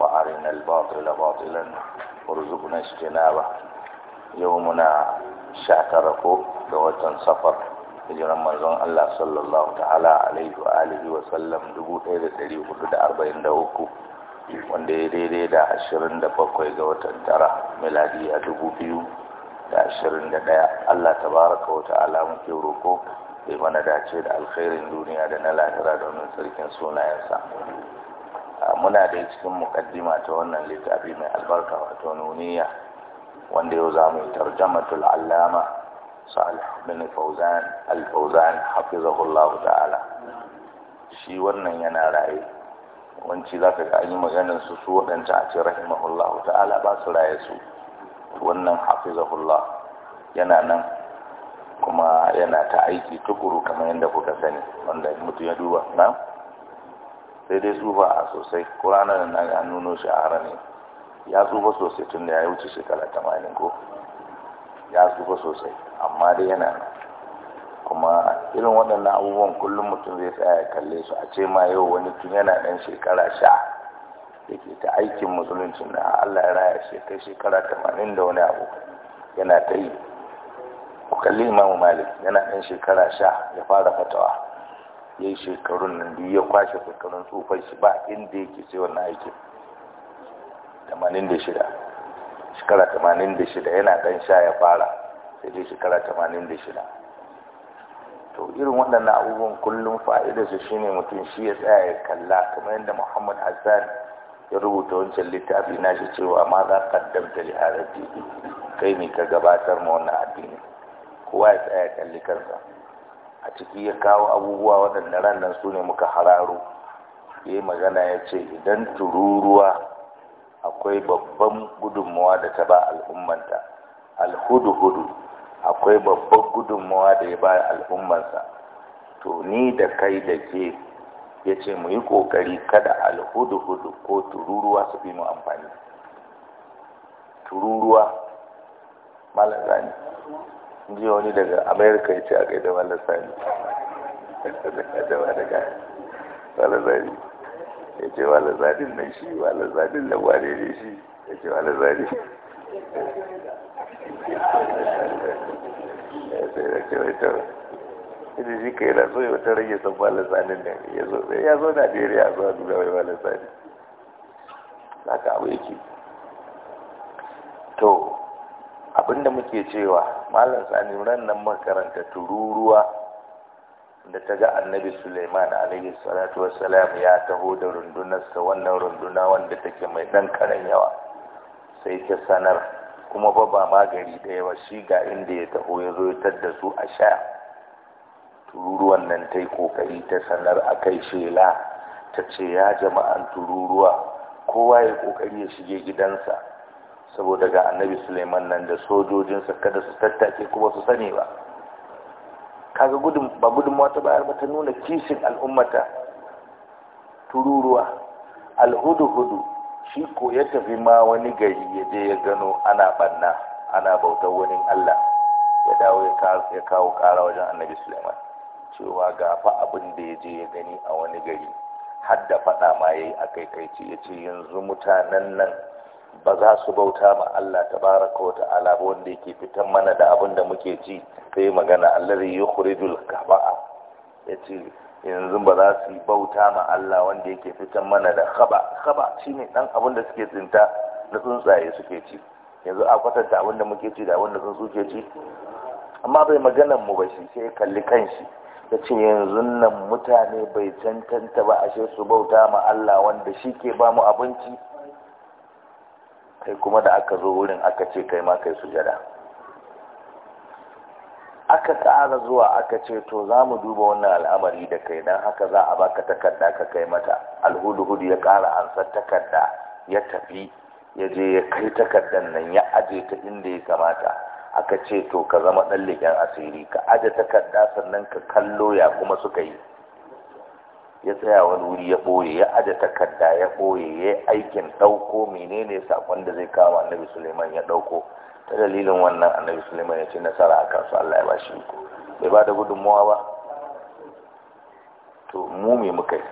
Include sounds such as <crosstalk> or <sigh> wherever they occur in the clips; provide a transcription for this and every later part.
وأرنا الباطل باطلا وارزقنا اجتنابه يومنا شاكركو دوتا سفر hijiran manzon Allah sallallahu ta'ala alaihi wa alihi wa sallam 1443 wanda ya daidai da bakwai ga watan tara da 2021 Allah tabaraka wata alamun muke roko bai mana dace da alkhairin duniya da na lahira domin sarkin sunayensa muna da cikin mukaddima ta wannan littafi mai albarka wa nuniya wanda yau za mu yi tarjamatul allama salih bin fauzan al-fauzan Allah ta'ala shi wannan yana raye wanci zaka ga an yi maganar su su wadanta a ce rahimahullah ta'ala ba su raye su wannan Allah yana nan kuma yana ta aiki tukuru kamar yadda kuka sani wanda mutum ya duba na sai dai tsufa sosai ƙuranan nan an nuno shahara ne ya tsufa sosai tun da ya wuce shekara tamanin ko ya tsufa sosai amma dai yana nan kuma irin waɗannan abubuwan kullum mutum zai tsaya kalle su a ce ma yau wani tun yana ɗan shekara sha ke ta aikin musulunci na Allah ya raya shi kai shekara tamanin da wani abu yana ta yi ku kalli imamu malik yana ɗan shekara sha ya fara fatawa ya yi shekarun nan da ya kwashe shekarun tsufan shi ba inda yake sai wannan aikin 86 shekara 86 yana dan sha ya fara sai dai shekara 86 to irin waɗannan abubuwan kullum fa'idarsu shine mutum shi ya tsaya ya kalla kamar yadda muhammad hassan ya rubuta wancan littafi na shi cewa ma za ka damta harafi kai ne ka gabatar ma wannan addini kowa ya tsaya ya kalli kansa a ciki ya kawo abubuwa waɗanda rannan nan su ne muka hararo ya yi magana ya ce idan tururuwa akwai babban gudunmawa da ta ba al'ummanta alhudu-hudu akwai babban gudunmawa da ya ba al'ummansa to ni da kai da ke ya ce mu yi ƙoƙari kada alhudu-hudu ko tururuwa su fi mu amfani tururuwa malazani ji wani daga amerika ya ce a gaida malar sani da wani gani malar sani ya ce malar sani nan shi malar sani nan wane ne shi ya ce malar sani ya ce da ce wai tara ita shi ka yi na so ya wata rage son malar sani nan ya zo ya zo najeriya a zuwa nuna mai malar sani haka abu yake to abinda muke cewa malam sani ran nan makaranta tururuwa da ta ga annabi Suleiman alaihi salatu wassalam ya taho da rundunarsa wannan runduna wanda take mai dan karen yawa sai ta sanar kuma ba ba magari da yawa shi ga inda ya taho ya zo ya da su a sha tururuwan nan ta yi kokari ta sanar a kai shela ta ce ya jama'an tururuwa kowa ya kokari ya shige gidansa saboda ga annabi suleiman nan da sojojinsa kada su tattake kuma su sani ba kaga gudun ba gudun ta bayar ba ta nuna kishin al'ummata tururuwa alhudu-hudu shi ko ya tafi ma wani gari ya je ya gano ana banna ana bautar wani allah ya dawo ya kawo kara wajen annabi suleiman cewa ga fa abin da ya je ya gani a wani gari har da faɗa ma ya yi a kai kai ce ya ce yanzu mutanen nan ba za su bauta ma Allah baraka wa ta'ala ba wanda yake fitan mana da abin da muke ci sai magana allazi yukhrijul ya ce yanzu ba za su bauta ma Allah wanda yake fitan mana da khaba khaba ne dan abin da suke tsinta na tsuntsaye suke ci yanzu a kwatanta abin da muke ci da abin da tsuntsu ke ci amma bai maganan mu ba shi sai kalli kanshi ya ce yanzu nan mutane bai cancanta ba ashe su bauta ma Allah wanda shi ke ba mu abinci kai kuma da aka zo wurin aka ce kai ma kai sujada aka ƙara zuwa aka ce to za mu duba wannan al'amari da kai dan haka za a baka takarda ka kai mata alhudu-hudu ya kara ansar takarda ya tafi ya je ya kai takardan nan ya aje ta inda ya kamata aka ce to ka zama ɗan leƙen asiri ka aje takarda sannan ka kallo ya kuma suka yi ya tsaya wani wuri ya ɓoye ya aje takarda ya ɓoye ya aikin ɗauko menene sakon da zai kawo annabi suleiman ya ɗauko ta dalilin wannan annabi suleiman ya ce nasara a kansu allah ya ba shi iko bai ba da gudunmawa ba to mu me muka yi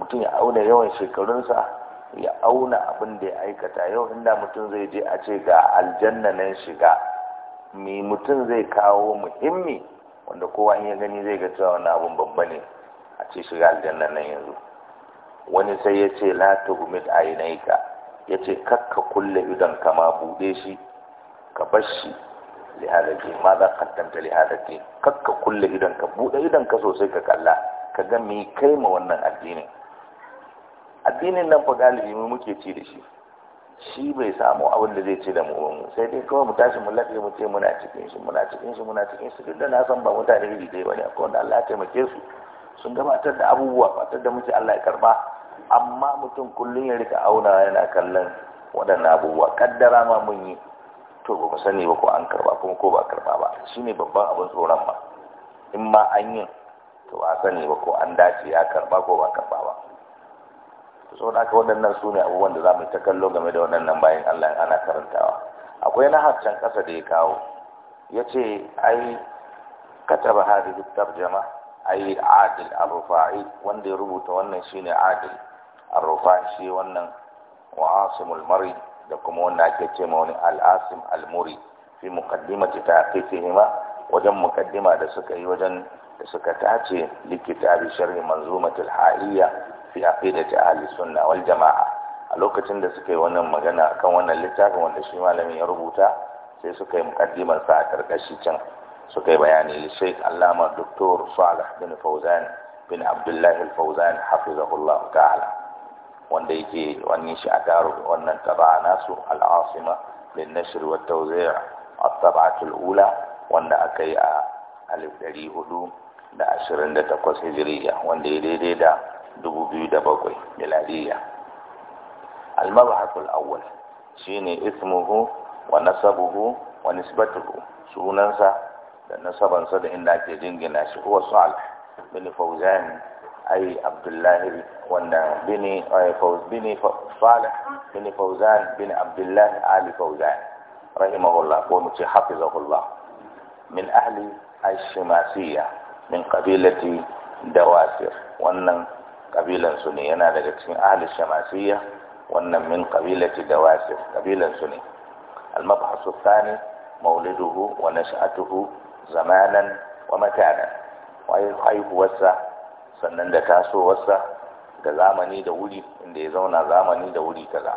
mutum ya auna yawan shekarunsa ya auna abin da ya aikata yau inda mutum zai je a ce ga aljanna nan shiga me mutum zai kawo muhimmi wanda kowa in ya gani zai ga cewa wani abun babba ne a ce shiga aljanna nan yanzu wani sai ya ce la tuhmit ka. ya ce kakka kulle ka kama buɗe shi ka bar shi ma za ka tanta lihadaki kakka kulle idon ka buɗe idon ka sosai ka kalla ka ga me kai ma wannan addinin addinin nan fa galibi mu muke ci da shi shi bai samu abin da zai ce da mu sai dai kawai mu tashi mu lafiya mu ce muna cikin shi muna cikin shi muna cikin shi duk da na san ba mutane iri ba bane akwai wanda Allah ya taimake su sun gabatar da abubuwa fatar da muke Allah ya karba amma mutum kullum ya rika auna yana kallon waɗannan abubuwa kaddara ma mun yi to ba ku sani ba ko an karba kuma ko ba karba ba Shi ne babban abin tsoron ma in ma an yi to ba sani ba ko an dace ya karba ko ba karba ba so da aka waɗannan su ne abubuwan da za mu ta kallo game da waɗannan bayan Allah ana karantawa akwai na hafcan ƙasa da ya kawo ya ce ai kataba duk tarjama ai adil ar wanda ya rubuta wannan shine adil ar shi wannan wa mari da kuma wanda ake ce ma wani al-asim al-muri fi muqaddimati tahqiqihima wajen muqaddima da suka yi wajen da suka tace likitabi sharhi manzumatul ha'iyya fi aqidati ahli sunna wal jama'a a lokacin da suka yi wannan magana akan wannan littafin wanda shi malamin ya rubuta sai suka yi muqaddimar sa a karkashi can suka yi bayani Sheikh Allama Dr. Salih bin Fauzan bin Abdullah Al-Fauzan hafizahullah ta'ala wanda yake wani shi a daru wannan taba nasu al-asima lin nashr wa tawzi' at-tab'at al-ula wanda aka yi a 1428 hijriya wanda ya daidai da 2007 miladiya al-mabhath al-awwal shine ismuhu wa nasabuhu wa nisbatuhu sunansa da nasabansa da inda ake jingina shi huwa salih bin fauzan ai abdullahi wanda bini fauz bini salih bin fauzan bin abdullahi ali fauzan rahimahullah ko mu ce hafizahullah min ahli ash-shimasiyya min qabilati dawasir wannan kabilan su ne yana daga cikin ahli shamasiyya wannan min qabilati dawasir kabilan su ne al-mabhasu thani mauliduhu wa nash'atuhu zamanan wa makanan waye haihuwarsa sannan da tasowarsa da zamani da wuri inda ya zauna zamani da wuri kaza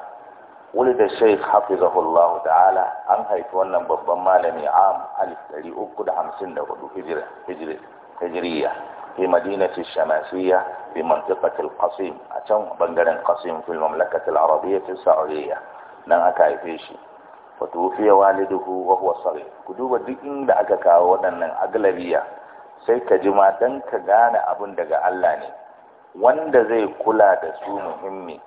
wuri da sheikh hafizahullahu ta'ala an haifi wannan babban malami am alif 354 hijiriya fi madinati shamasiya fi mantiqatil qasim a can bangaren qasim fil mamlakatil arabiyyah saudiyya nan aka haife shi wa fiye waliduhu wa huwa salih ku duba duk inda aka kawo waɗannan aglabiya sai ka ji ma dan ka gane abin daga Allah ne wanda zai kula da su muhimmi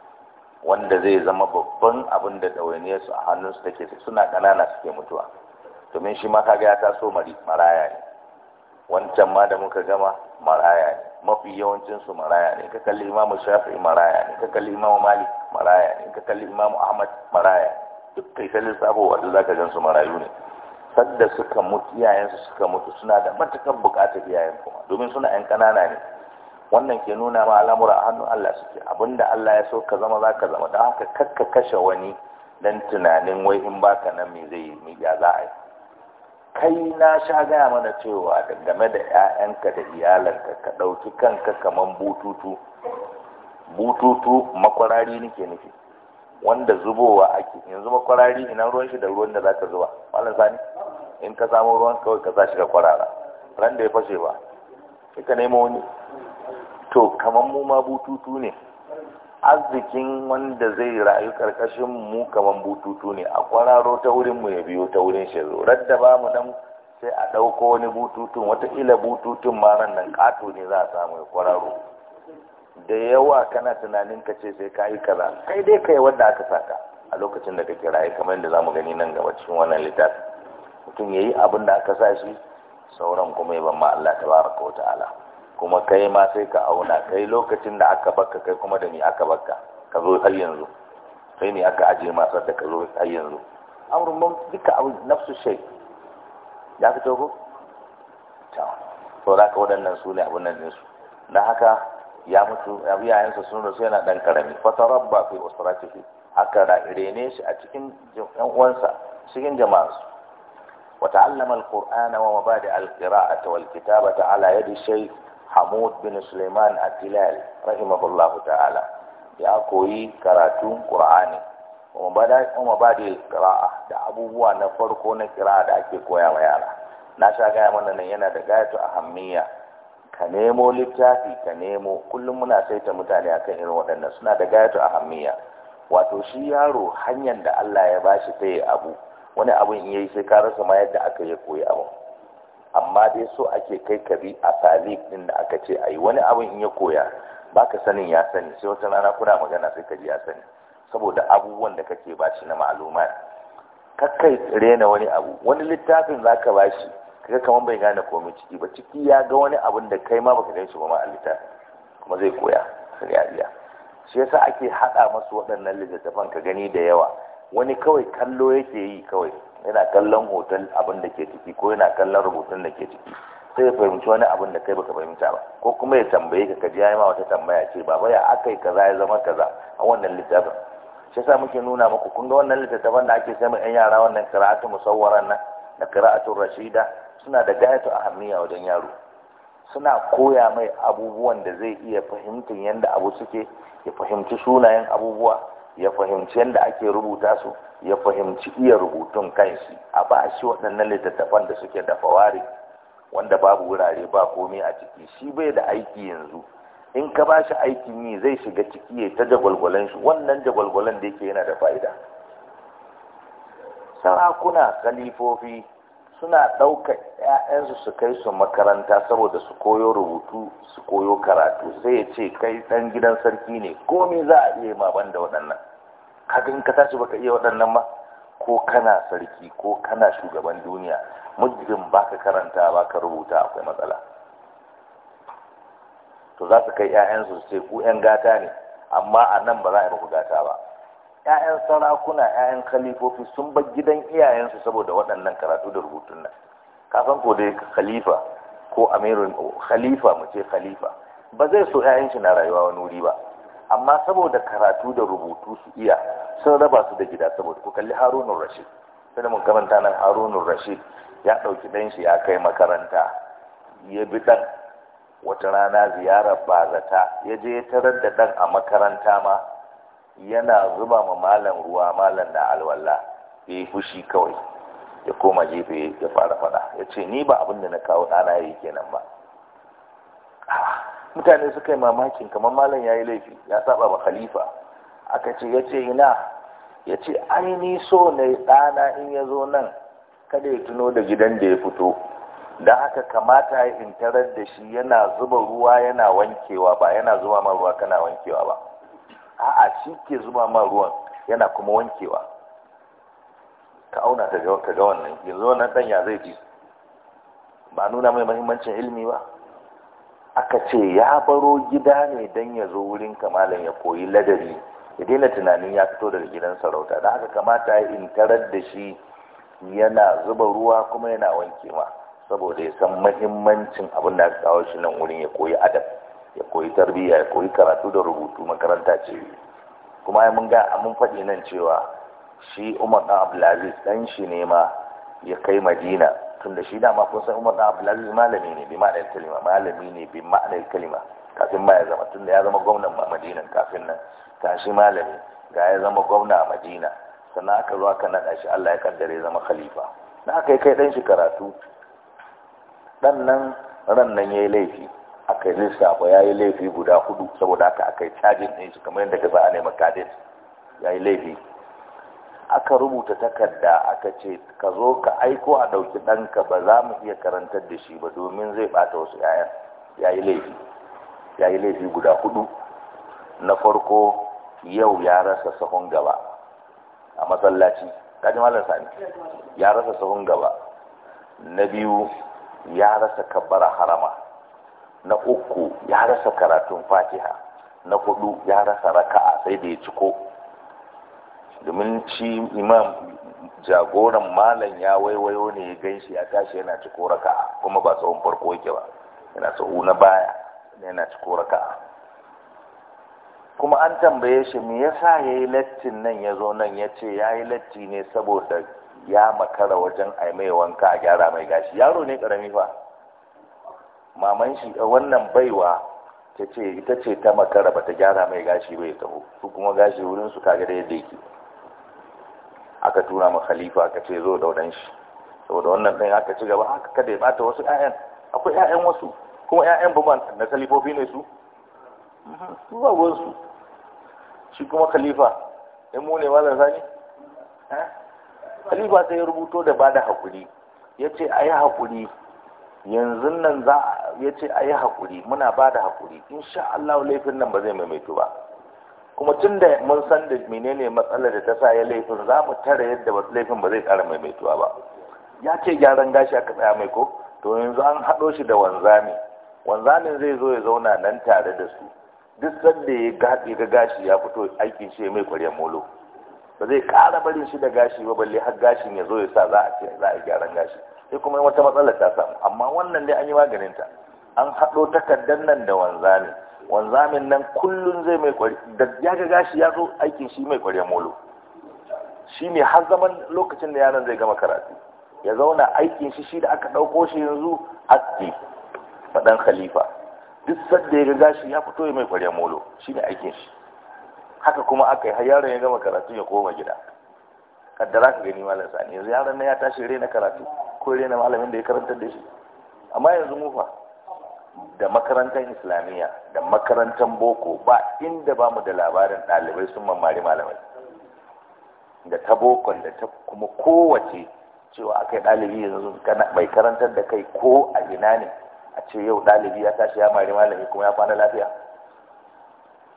wanda zai zama babban abin da ɗawainiyar su a hannun su take suna ƙanana suke mutuwa domin shi ma ga ya taso mari maraya ne wancan ma da muka gama maraya ne mafi yawancin su maraya ne ka kalli imamu shafi maraya ne ka kalli imamu malik maraya ne ka kalli imamu ahmad maraya ne duk kai sabo lissafo zaka za ka gansu marayu ne sadda suka mutu iyayensu suka mutu suna da matukar buƙatar iyayen kuma domin suna yan kanana ne wannan ke nuna ma al'amura a hannun Allah suke abinda Allah ya so ka zama za ka zama don haka kakka kashe wani dan tunanin wai in baka nan me zai yi ya za a yi kai na sha gaya mana cewa game da 'ya'yanka da iyalanka ka ɗauki kanka kaman bututu bututu makwarari nake nufi wanda zubowa ake yanzu makwarari ina ruwan shi da ruwan da zaka zuba malam sani in ka samu ruwan kawai ka sa shi ka kwarara ran da ya fashe ba sai ka nemo wani to kamar mu ma bututu ne arzikin wanda zai rayu karkashin mu kaman bututu ne a kwararo ta wurin mu ya biyo ta wurin shi zorar da bamu nan sai a ɗauko wani bututun wataƙila bututun ma nan ƙato ne za a samu ya kwararo da yawa kana tunanin ka ce sai ka yi kaza kai dai kai wanda aka saka a lokacin da kake raye kamar yadda zamu gani nan gaba cikin wannan littafi mutum yayi abin da aka sa shi sauran kuma yaban ma Allah tabaraka wataala kuma kai ma sai ka auna kai lokacin da aka bakka kai kuma da ni aka bakka ka zo har yanzu kai ne aka aje ma da ka zo har yanzu amrun mun duka abu nafsu shay ya fito ko to saboda ka waɗannan su ne abun nan din su dan haka ya mutu yayansa sun rasu yana dan karami fatarabba fi usratihi haka da irene shi a cikin yan uwansa cikin jama'arsu wa ta'allama alqur'ana wa mabadi alqira'ati wal kitabati ala yadi shaykh Hamud bin Sulaiman Atilal rahimahullahu ta'ala ya koyi karatu Qur'ani wa mabadi alqira'a da abubuwa na farko na kira da ake koya wa yara na sha gaya mana nan yana da gayatu ahammiya ka nemo littafi ka nemo kullum muna saita mutane akan irin waɗannan suna da gayatu hamiya wato shi yaro hanyar da Allah ya bashi sai abu wani abun in yi sai ka rasa ma yadda aka yi koyi abu. amma dai so ake kai ka bi a salib ɗin da aka ce ayi wani abun in ya koya baka sanin ya sani sai wata rana kuna magana sai ka ji ya sani saboda abubuwan da kake shi na ma'aluma kakkai rena wani abu wani littafin zaka shi. kaga kaman bai gane komai ciki ba ciki ya ga wani abin da kai ma baka ganshi ba ma a kuma zai koya sai shi yasa ake hada masu waɗannan littattafan ka gani da yawa wani kawai kallo yake yi kawai yana kallon hotel abin da ke ciki ko yana kallon rubutun da ke ciki sai ya fahimci wani abin da kai baka fahimta ba ko kuma ya tambaye ka kaji yayi ma wata tambaya ce baba ya akai kaza ya zama kaza a wannan littafin shi yasa muke nuna muku kun ga wannan littattafan da ake sayar ma yan yara wannan karatu musawwaran nan da karatun rashida suna da gayatu ahammiya wajen yaro suna koya mai abubuwan da zai iya fahimtar yadda abu suke ya fahimci sunayen abubuwa ya fahimci yadda ake rubuta su ya fahimci iya rubutun kanshi a ba shi waɗannan littattafan da suke da faware wanda babu wurare ba komai a ciki shi bai da aiki yanzu in ka ba shi aikin yi zai shiga ciki ya ta jagwalgwalan shi wannan jagwalgwalan da yake yana da fa'ida sarakuna kalifofi suna ɗaukar ‘ya'yansu su kai su makaranta saboda su koyo rubutu su koyo karatu sai ya ce kai ɗan gidan sarki ne komi za a iya ma banda waɗannan kaga in ka tashi baka iya waɗannan ma ko kana sarki ko kana shugaban duniya muddin ka karanta ba ka rubuta akwai matsala to za su kai ‘ya'yansu su ce ku ‘yan gata ne amma a nan ba za a yi muku gata ba 'ya'yan sarakuna 'ya'yan khalifofi sun bar gidan iyayensu saboda waɗannan karatu da rubutun nan kafin ko dai khalifa ko amirul khalifa mu ce khalifa ba zai so 'ya'yan shi na rayuwa wani wuri ba amma saboda karatu da rubutu su iya sun raba su da gida saboda ku kalli harunun rashid sai mun karanta nan harunun rashid ya ɗauki ɗan shi ya kai makaranta ya bi ɗan wata rana ziyarar bazata ya je ya tarar da ɗan a makaranta ma yana zuba ma malam ruwa malam na alwala ya yi fushi kawai ya koma jefe ya fara fada ya ce ni ba abin na kawo ɗana ya yi kenan ba ah, mutane suka yi mamakin kamar malam ya yi laifi ya saba ba khalifa aka ce ya ce ina ya ce ai ni so yi ɗana in ya zo nan kada ya tuno da gidan da ya fito da haka kamata ya intarar da shi yana zuba ruwa yana wankewa ba yana zuba ma ruwa kana wankewa ba a'a shi ke zuba ma ruwan yana kuma wankewa ka auna ta ga ka ga wannan yanzu wannan dan ya zai ji ba nuna mai mahimmancin ilimi ba aka ce ya baro gida ne dan ya zo wurin kamalan ya koyi ladabi ya daina tunanin ya fito daga gidan sarauta da haka kamata in tarar da shi yana zuba ruwa kuma yana wankewa saboda ya san mahimmancin abin da aka kawo shi nan wurin ya koyi adab ya koyi tarbiyya ya koyi karatu da rubutu makaranta ce kuma ya mun ga mun faɗi nan cewa shi Umar ɗan Abdulaziz ɗan shi ne ma ya kai Madina tunda shi dama kun san Umar ɗan Abdulaziz malami ne bi ma'anar kalima malami ne bi ma'anar kalima kafin ma ya zama tunda ya zama gwamnan Madina kafin nan ta shi malami ga ya zama gwamna a Madina sannan aka zo aka naɗa shi Allah ya kaddare zama khalifa na aka kai ɗan shi karatu ɗan nan ran nan ya yi laifi aka yi ya yi laifi guda hudu saboda haka aka yi cajin ɗin su kamar yadda ka sa a nema kadin ya yi laifi aka rubuta takarda aka ce ka zo ka aiko a ɗauki ɗanka ba za mu iya karantar da shi ba domin zai ɓata wasu yayan ya yi laifi ya yi laifi guda hudu na farko yau ya rasa sahun gaba a masallaci kaji malam sani ya rasa sahun gaba na biyu ya rasa kabbara harama na uku ya rasa karatun fatiha na hudu ya rasa raka'a sai da ya ciko domin ci imam jagoran malam ya waiwayo ne ya shi ya tashi yana ciko raka'a kuma ba tsawon farko yake ba yana tsawo na baya yana ciko raka'a kuma an tambaye shi me yasa yi lattin nan ya zo nan ya ce ya yi latti ne saboda ya makara wajen aimai wanka a gyara mai gashi yaro ne karami fa maman shi eh, wannan baiwa ta ce ita ce ta makara ba ta gyara mai gashi bai taho su kuma gashi wurin su kaga da yadda yake aka tura ma khalifa aka ce zo da shi saboda wannan ɗin aka ci gaba haka kada ya bata wasu ƴaƴan akwai ƴaƴan wasu kuma ƴaƴan buban na khalifofi ne su mhm, su ba wasu shi kuma khalifa in eh, mu ne malam sani eh? khalifa sai ya rubuto da bada hakuri ya ce a yi hakuri yanzu nan za ya ce a yi haƙuri muna ba da haƙuri insha Allah laifin nan ba zai maimaito ba kuma tun da mun san da menene matsalar da ta sa ya laifin za mu tara yadda wasu laifin ba zai ƙara maimaituwa ba ya ce gyaran gashi aka tsaya mai ko to yanzu an haɗo shi da wanzami wanzamin zai zo ya zauna nan tare da su duk sanda ya gaɗe ga gashi ya fito aikin shi mai ƙwarya molo ba zai ƙara barin shi da gashi ba balle har gashin ya zo ya sa za a ce za a gyaran gashi sai kuma wata matsalar ta samu amma wannan dai an yi maganin ta an haɗo takardar nan da wanzami wanzamin nan kullun zai mai kwari da ya ga gashi ya zo aikin shi mai kwari molo shi ne har zaman lokacin da yaron zai gama karatu ya zauna aikin shi shi da aka ɗauko shi yanzu atti faɗan khalifa duk sadda ya ga gashi ya fito ya mai kwari molo shi ne aikin shi haka kuma aka yi har yaron ya gama karatu ya koma gida kaddara ka gani malam sani yanzu yaron na ya tashi rai na karatu ko rena malamin da ya karantar da shi amma yanzu fa da makarantar islamiyya da makarantar boko ba inda bamu da labarin ɗalibai sun mamari malamai da ta bokon da ta kuma kowace cewa akai ɗalibi yanzu mai karantar da kai ko a ina ne a ce yau dalibi ya tashi ya mari malami kuma ya kwana lafiya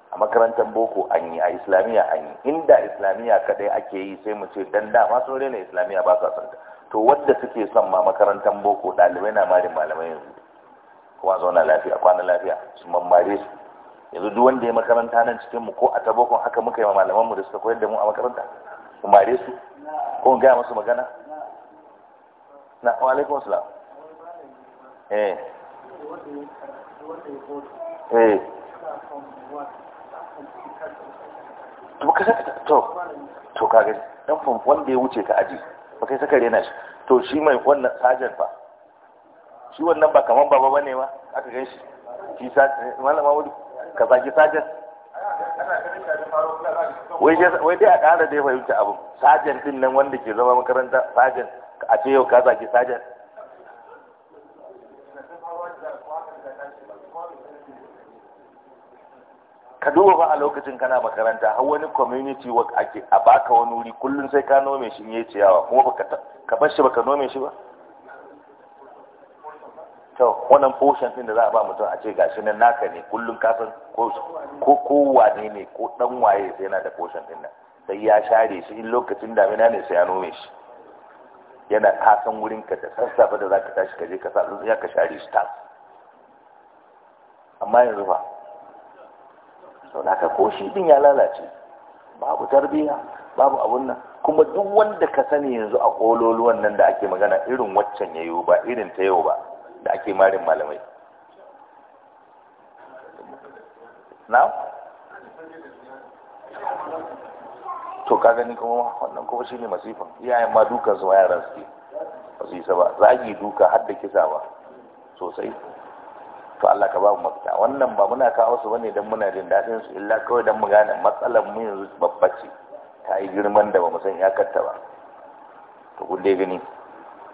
a makarantar boko an yi a islamiyya an yi inda islamiyya kadai ake yi sai mu ce dan ma sun rena islamiyya ba sa santa to wadda suke son ma makarantar boko ɗalibai na marin malamai yanzu kuma zauna lafiya kwana lafiya su mammare su yanzu duk wanda ya makaranta nan cikin mu ko a ta boko haka muka yi malaman mu da suka koyar da mu a makaranta mu mare su ko mu gaya musu magana na wa alaikum salam eh eh to ka to to kaga dan wanda ya wuce ka aji ba kai saka rena shi to shi mai wannan sajan fa shi wannan ba kaman baba bane ma aka gan shi shi malama wuri ka zaki sajan wai dai a ƙara dai fahimta abu sajan din nan wanda ke zama makaranta sajan a ce yau ka zaki sajan ka duba ba a lokacin kana makaranta har wani community work ake a baka wani wuri kullum sai ka nome shi ne ciyawa kuma baka ka bar shi baka nome shi ba to wannan portion din da za a ba mutum a ce gashi nan naka ne kullum ka san ko ko wane ne ko dan waye sai yana da portion din nan sai ya share shi in lokacin damina ne sai ya nome shi yana ka san wurin ka da sassafe da zaka tashi ka je ka sa ya ka share shi ta amma yanzu ba sau da aka ko shi din ya lalace babu tarbiyya babu abun nan kuma duk wanda ka sani yanzu a kololuwan nan da ake magana irin waccan yiwu ba irin ta yau ba da ake marin malamai na to ka gani kuma wannan kuma ne masifan iyayen ma dukan su ma yaran su ba su yi ba zagi duka har da kisa ba sosai to Allah ka ba mu mafita wannan ba muna kawo su bane dan muna jin dadin su illa kawai dan mu gane matsalar mu yanzu babba ce ta yi girman da bamu san ya karta ba to kun dai gani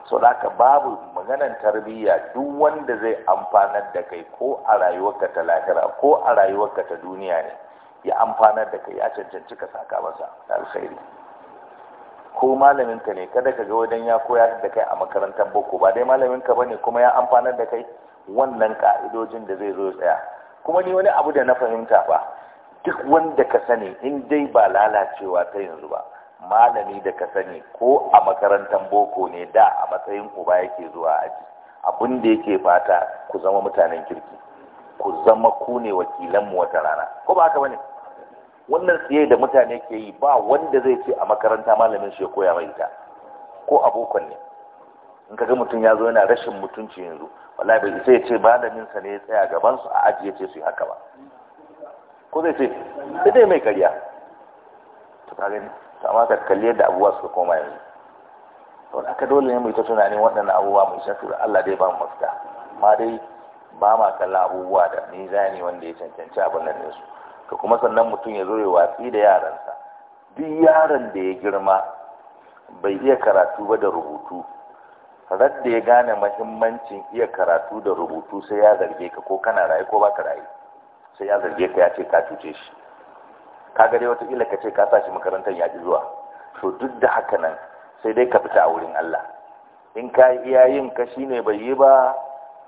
so ka babu maganar tarbiyya duk wanda zai amfanar da kai ko a rayuwarka ta lahira ko a rayuwarka ta duniya ne ya amfanar da kai ya cancanci ka saka masa alkhairi ko malaminka ne kada ka ga wajen ya koya da kai a makarantar boko ba dai malaminka bane kuma ya amfanar da kai wannan ka'idojin da zai zo tsaya kuma ni wani abu da na fahimta ba duk wanda ka sani in dai ba lalacewa ta yanzu ba malami da ka sani ko a makarantar boko ne da a matsayin uba yake zuwa aji abin da yake fata ku zama mutanen kirki ku zama ku ne wakilanmu wata rana ko ba haka bane wannan tsaye da mutane ke yi ba wanda zai ce a makaranta malamin shi ya koya mai ita ko abokan ne in kaga mutum ya zo yana rashin mutunci yanzu wallahi bai sai ya ce malamin sa ne ya tsaya gaban su a aji ya ce su yi haka ba ko zai ce sai dai mai karya to ka gani to amma ka kalli yadda abubuwa suka koma yanzu to aka dole ne mu yi ta tunanin waɗannan abubuwa mu shafi Allah dai ba mu mafita amma dai ba ma kalla abubuwa da ni ne wanda ya cancanci abin nan ne su to kuma sannan mutum ya zo ya watsi da yaransa duk yaron da ya girma bai iya karatu ba da rubutu da ya gane mahimmancin iya karatu da rubutu sai ya zarge ka ko kana raye ko baka raye sai ya zarge ka ya ce ka cuce shi ka ga dai wataƙila ka ce ka sa shi makarantar ya zuwa to duk da haka nan sai dai ka fita a wurin Allah in ka iya yin ka shi ne bai yi ba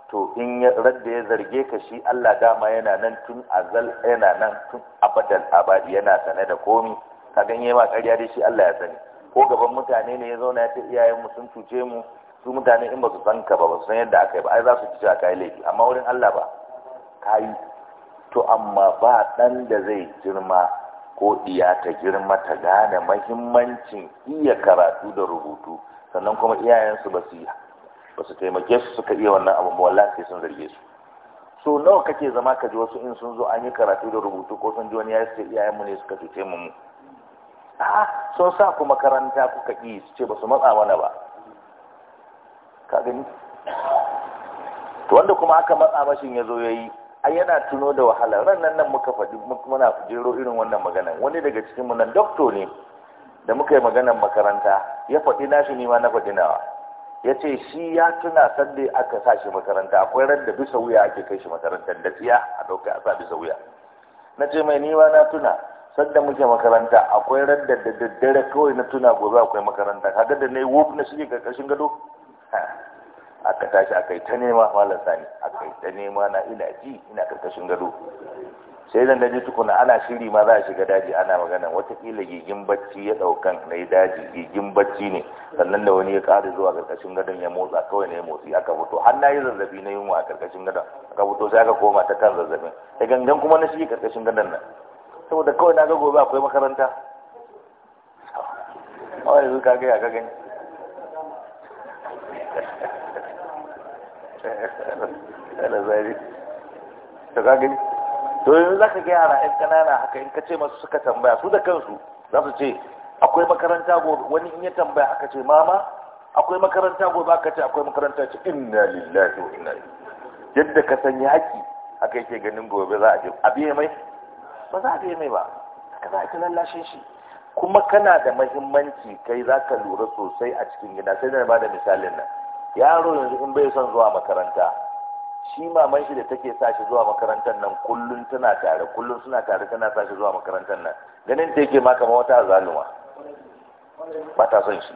to in ya radda ya zarge ka shi Allah dama yana nan tun azal yana nan tun abadal abadi yana sane da komi ka ganye ma karya dai shi Allah ya sani ko gaban mutane ne ya zauna ya ce iyayen mu sun cuce mu su mutane in ba su san ka ba ba su san yadda aka yi ba ai za su ci a kai laifi amma wurin Allah ba kai to amma ba dan da zai girma ko iya ta girma ta gane mahimmancin iya karatu da rubutu sannan kuma iyayensu ba su ba su taimake su suka iya wannan abu wallahi sai sun zarge su so nawa kake zama ka ji wasu in sun zo an yi karatu da rubutu ko sun ji wani ya ce iyayenmu ne suka cuce mu a sun sa ku makaranta kuka ƙi su ce ba su matsa mana ba ka gani to wanda kuma aka matsa mashin ya zo ya yi yana tuno da wahala ranar nan muka faɗi muna jero irin wannan magana wani daga cikin mu nan doctor ne da muka yi maganar makaranta ya faɗi nashi ne ma na faɗi nawa ya ce shi ya tuna sanda aka sa makaranta akwai ran da bisa wuya ake kai shi makarantar da tsiya a ɗauka a sa bisa wuya na ce mai niwa na tuna sanda muke makaranta akwai ran da daddare kawai na tuna gobe akwai makaranta kaga da na yi wuf na shige karkashin gado aka tashi aka yi ta nema malam sani aka yi ta nema na ina ji ina karkashin gado sai zan daji tukuna ana shiri ma za a shiga daji ana magana watakila gigin bacci ya daukan na yi daji gigin bacci ne sannan da wani ya ƙara zuwa karkashin gadon ya motsa kawai na ya motsi aka fito har na yi zazzabi na yunwa a karkashin gadon aka fito sai aka koma ta kan zazzabin da gangan kuma na shi karkashin gadon nan saboda kawai na ga gobe akwai makaranta a wani zuka gaya ka gani ana zari ta ka gani to yanzu za ka gyara yan kanana haka in ka ce masu suka tambaya su da kansu za su ce akwai makaranta gobe wani in ya tambaya aka ce mama akwai makaranta gobe aka ce akwai makaranta ce inna lillahi wa inna ilaihi yadda ka sanya haƙi haka yake ganin gobe za a je a biye mai ba za a biye mai ba ka za a ta lallashe shi kuma kana da mahimmanci kai za ka lura sosai a cikin gida sai da ba da misalin nan yaro yanzu in bai son zuwa makaranta shi maman shi da take sa shi zuwa makarantar nan kullum tana tare kullum suna tare tana sa shi zuwa makarantar nan ganin da yake ma wata zaluma ba ta son shi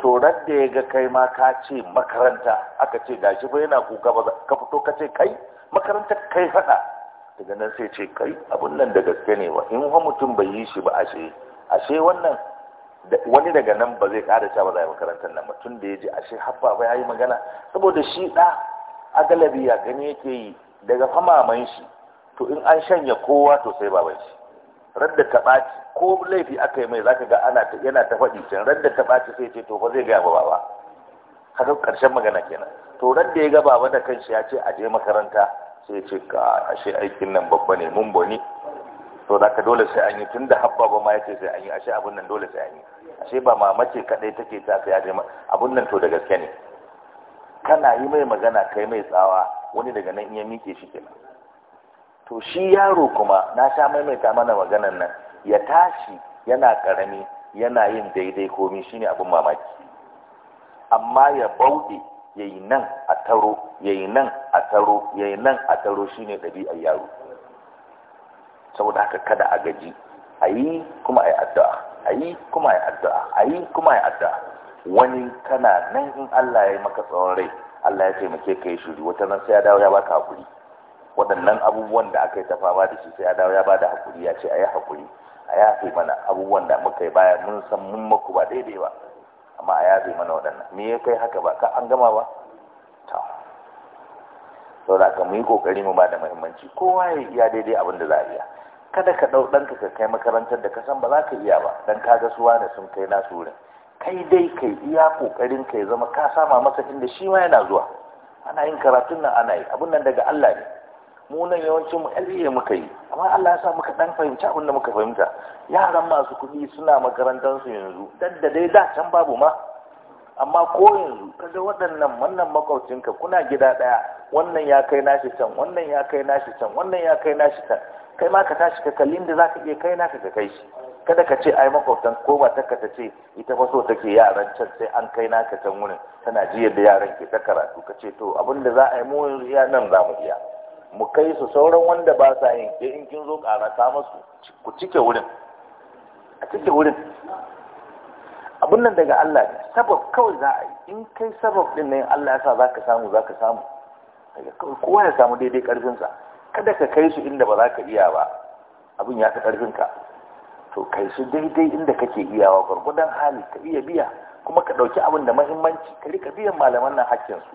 to da ya ga kai ma ka ce makaranta aka ce gashi fa yana kuka ba ka fito ka ce kai makarantar kai faɗa daga nan sai ce kai abun nan da gaske ne wa in mutum bai yi shi ba ashe ashe wannan wani daga nan ba zai kada cewa ba za a makarantar nan ba da ya ji ashe haffa ba ya yi magana saboda shi ɗa a galabi ya gani yake yi daga famaman shi to in an shanya kowa to sai baban shi radda ta ko laifi aka yi mai zaka ga ana yana ta faɗi can radda ta ɓaci sai ce to ba zai gaya ba baba haka ƙarshen magana kenan to radda ya ga baba da kanshi ya ce a je makaranta sai ce ka ashe aikin nan babba ne mun boni so da ka dole sai an yi tun da habba ba ma ya ce sai an yi ashe abun nan dole sai an yi ashe ba mace kadai take ta sai ya abun nan to da gaske ne kana yi mai magana kai mai tsawa wani daga nan iya mike shi kenan to shi yaro kuma na sha maimaita mana maganan nan ya tashi yana karami yana yin daidai komi shine abun mamaki amma ya bauɗe yi nan a taro yi nan a taro yi nan a taro shine ɗabi'ar yaro saboda haka kada a gaji a yi kuma a yi addu'a a yi kuma a yi addu'a a yi kuma a yi addu'a wani kana nan in Allah ya yi maka tsawon rai Allah ya taimake ka yi shiri wata nan sai ya dawo ya baka hakuri waɗannan abubuwan da aka yi ta fama da shi sai ya dawo ya bada hakuri ya ce a yi hakuri a ya fi mana abubuwan da muka yi baya mun san mun maku ba daidai ba amma a ya fi mana waɗannan me ya kai haka ba ka an gama ba sau da ka mu yi kokari mu ba da muhimmanci kowa ya iya daidai abin da za a iya kada ka dau ɗanka ka kai makarantar da ka san ba za ka iya ba dan ka ga suwa da sun kai nasu wurin kai dai kai iya kokarin ka ya zama ka sama masa inda shi ma yana zuwa ana yin karatun nan ana yi abin nan daga Allah ne mu nan yawancin mu LBA muka yi amma Allah ya sa muka dan fahimci abin da muka fahimta yaran masu kuɗi suna makarantar su yanzu dadda dai da can babu ma amma ko yanzu kaga waɗannan wannan makwabcinka kuna gida ɗaya wannan ya kai nashi can wannan ya kai nashi can wannan ya kai nashi can kai ma ka tashi ka kalli inda zaka iya kai naka ka kai shi kada ka ce ai makwabtan ko ba ta ta ce ita fa so take yaran can sai an kai naka can wurin tana ji yadda yaran ke ta karatu ka ce to abin da za a yi mu yanzu iya nan za mu iya mu kai su sauran wanda ba sa yin in kin zo ƙara masu ku cike wurin a cike wurin abun nan daga Allah ne sabab kawai za a yi in kai sabab din nan Allah ya sa za ka samu za ka samu kowa ya samu daidai ƙarfinsa, kada ka kai su inda ba za ka iya ba abin ya fi ka, to kai su daidai inda kake iyawa gwargwadon hali ka iya biya kuma ka ɗauki abin da mahimmanci ka rika biyan malaman nan haƙƙinsu,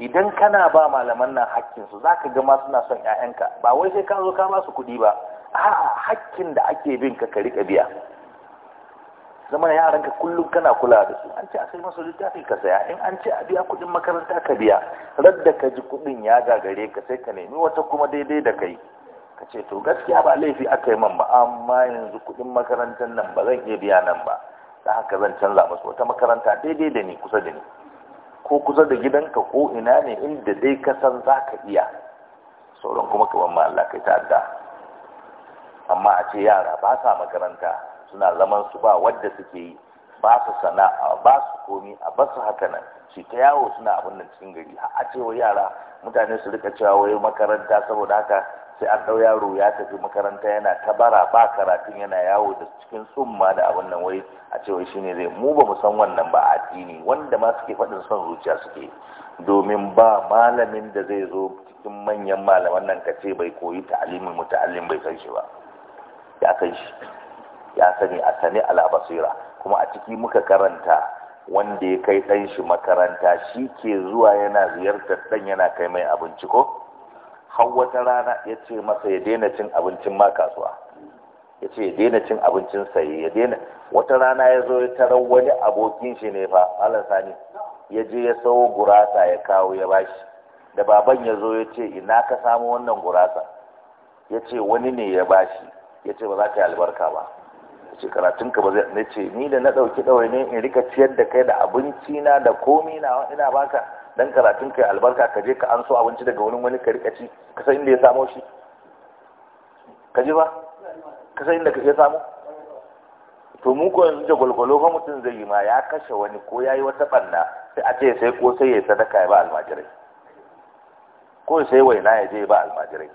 idan kana ba malaman nan haƙƙinsu, za ka gama suna son 'ya'yanka ba wai sai ka zo ka ba su kuɗi ba a'a hakkin da ake bin ka ka rika biya zama yaranka kullum kana kula da su an ce a kai masu littafi ka saya in an ce a biya kuɗin makaranta ka biya radda ka ji kuɗin ya gagare ka sai ka nemi wata kuma daidai da kai ka ce to gaskiya ba laifi aka yi man ba amma yanzu kuɗin makarantar nan ba zan iya biya nan ba da haka zan canza musu wata makaranta daidai da ni kusa da ni ko kusa da gidanka ko ina ne inda dai ka san za ka iya sauran kuma kamar ma Allah kai ta'adda amma a ce yara ba sa makaranta suna zaman su ba wadda suke yi ba su sana'a ba su komi a ba su haka nan shi ta yawo suna abin nan cikin gari a cewa yara mutane su rika cewa wai makaranta saboda haka sai an ɗau yaro ya tafi makaranta yana ta bara ba karatun yana yawo da cikin tsumma da abin nan wai a cewa shi ne zai mu ba mu san wannan ba a addini wanda ma suke faɗin son zuciya suke domin ba malamin da zai zo cikin manyan malaman nan ka ce bai koyi ta'alimin muta'allim bai san shi ba ya kai shi ya sani a sani ala kuma a ciki muka karanta wanda ya kai ɗan shi makaranta shi ke zuwa yana ziyartar ɗan yana kai mai abinci ko har wata rana ya ce masa ya daina cin abincin ma kasuwa ya ce ya daina cin abincin saye ya daina wata rana ya zo ya tarar wani abokin shi ne fa malam sani ya je ya sawo gurasa ya kawo ya bashi da baban ya zo ya ce ina ka samu wannan gurasa ya ce wani ne ya bashi ya ce ba za ka yi albarka ba ce karatun ka ba zai ne ce ni da na ɗauki ɗawai ne in rika ciyar da kai da abinci na da komi na ina baka dan karatun kai albarka ka je ka an so abinci daga wurin wani ka rika ci ka san inda ya samo shi ka ji ba ka san inda ka ya samo to mu ko yanzu da gwalgwalo fa mutum zai yi ma ya kashe wani ko ya yi wata banda sai a ce sai ko sai ya sadaka ya ba almajirai ko sai waina ya je ba almajirai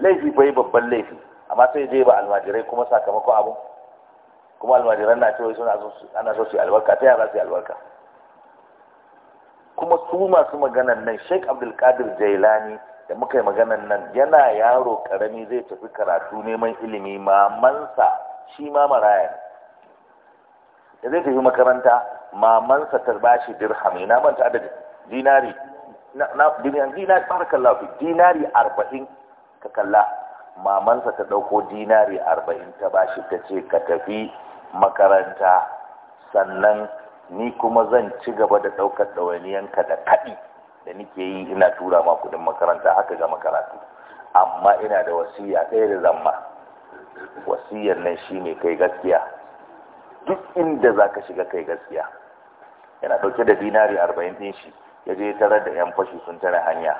laifi bai babban laifi amma sai je ba almajirai kuma sakamakon abu. kuma almajiran na cewa suna ana so su albarka ta yara su albarka kuma su masu maganan nan sheik abdulkadir jailani da muka yi maganan nan yana yaro karami zai tafi karatu neman ilimi mamansa shi ma maraya da zai tafi makaranta mamansa ta ba shi dirhami na manta da dinari na dinari kalla fi dinari arba'in ka kalla mamansa ta ɗauko dinari arba'in ta ba shi ta ce ka tafi makaranta sannan ni kuma zan ci gaba da ɗaukar ɗawainiyanka da kaɗi da nike yi ina tura ma kuɗin makaranta haka ga makaratu amma ina da wasiya ɗaya da zamma wasiyar nan shi ne kai gaskiya duk inda za ka shiga kai gaskiya yana ɗauke da dinari arba'in ɗin shi ya je tarar da 'yan fashi sun tana hanya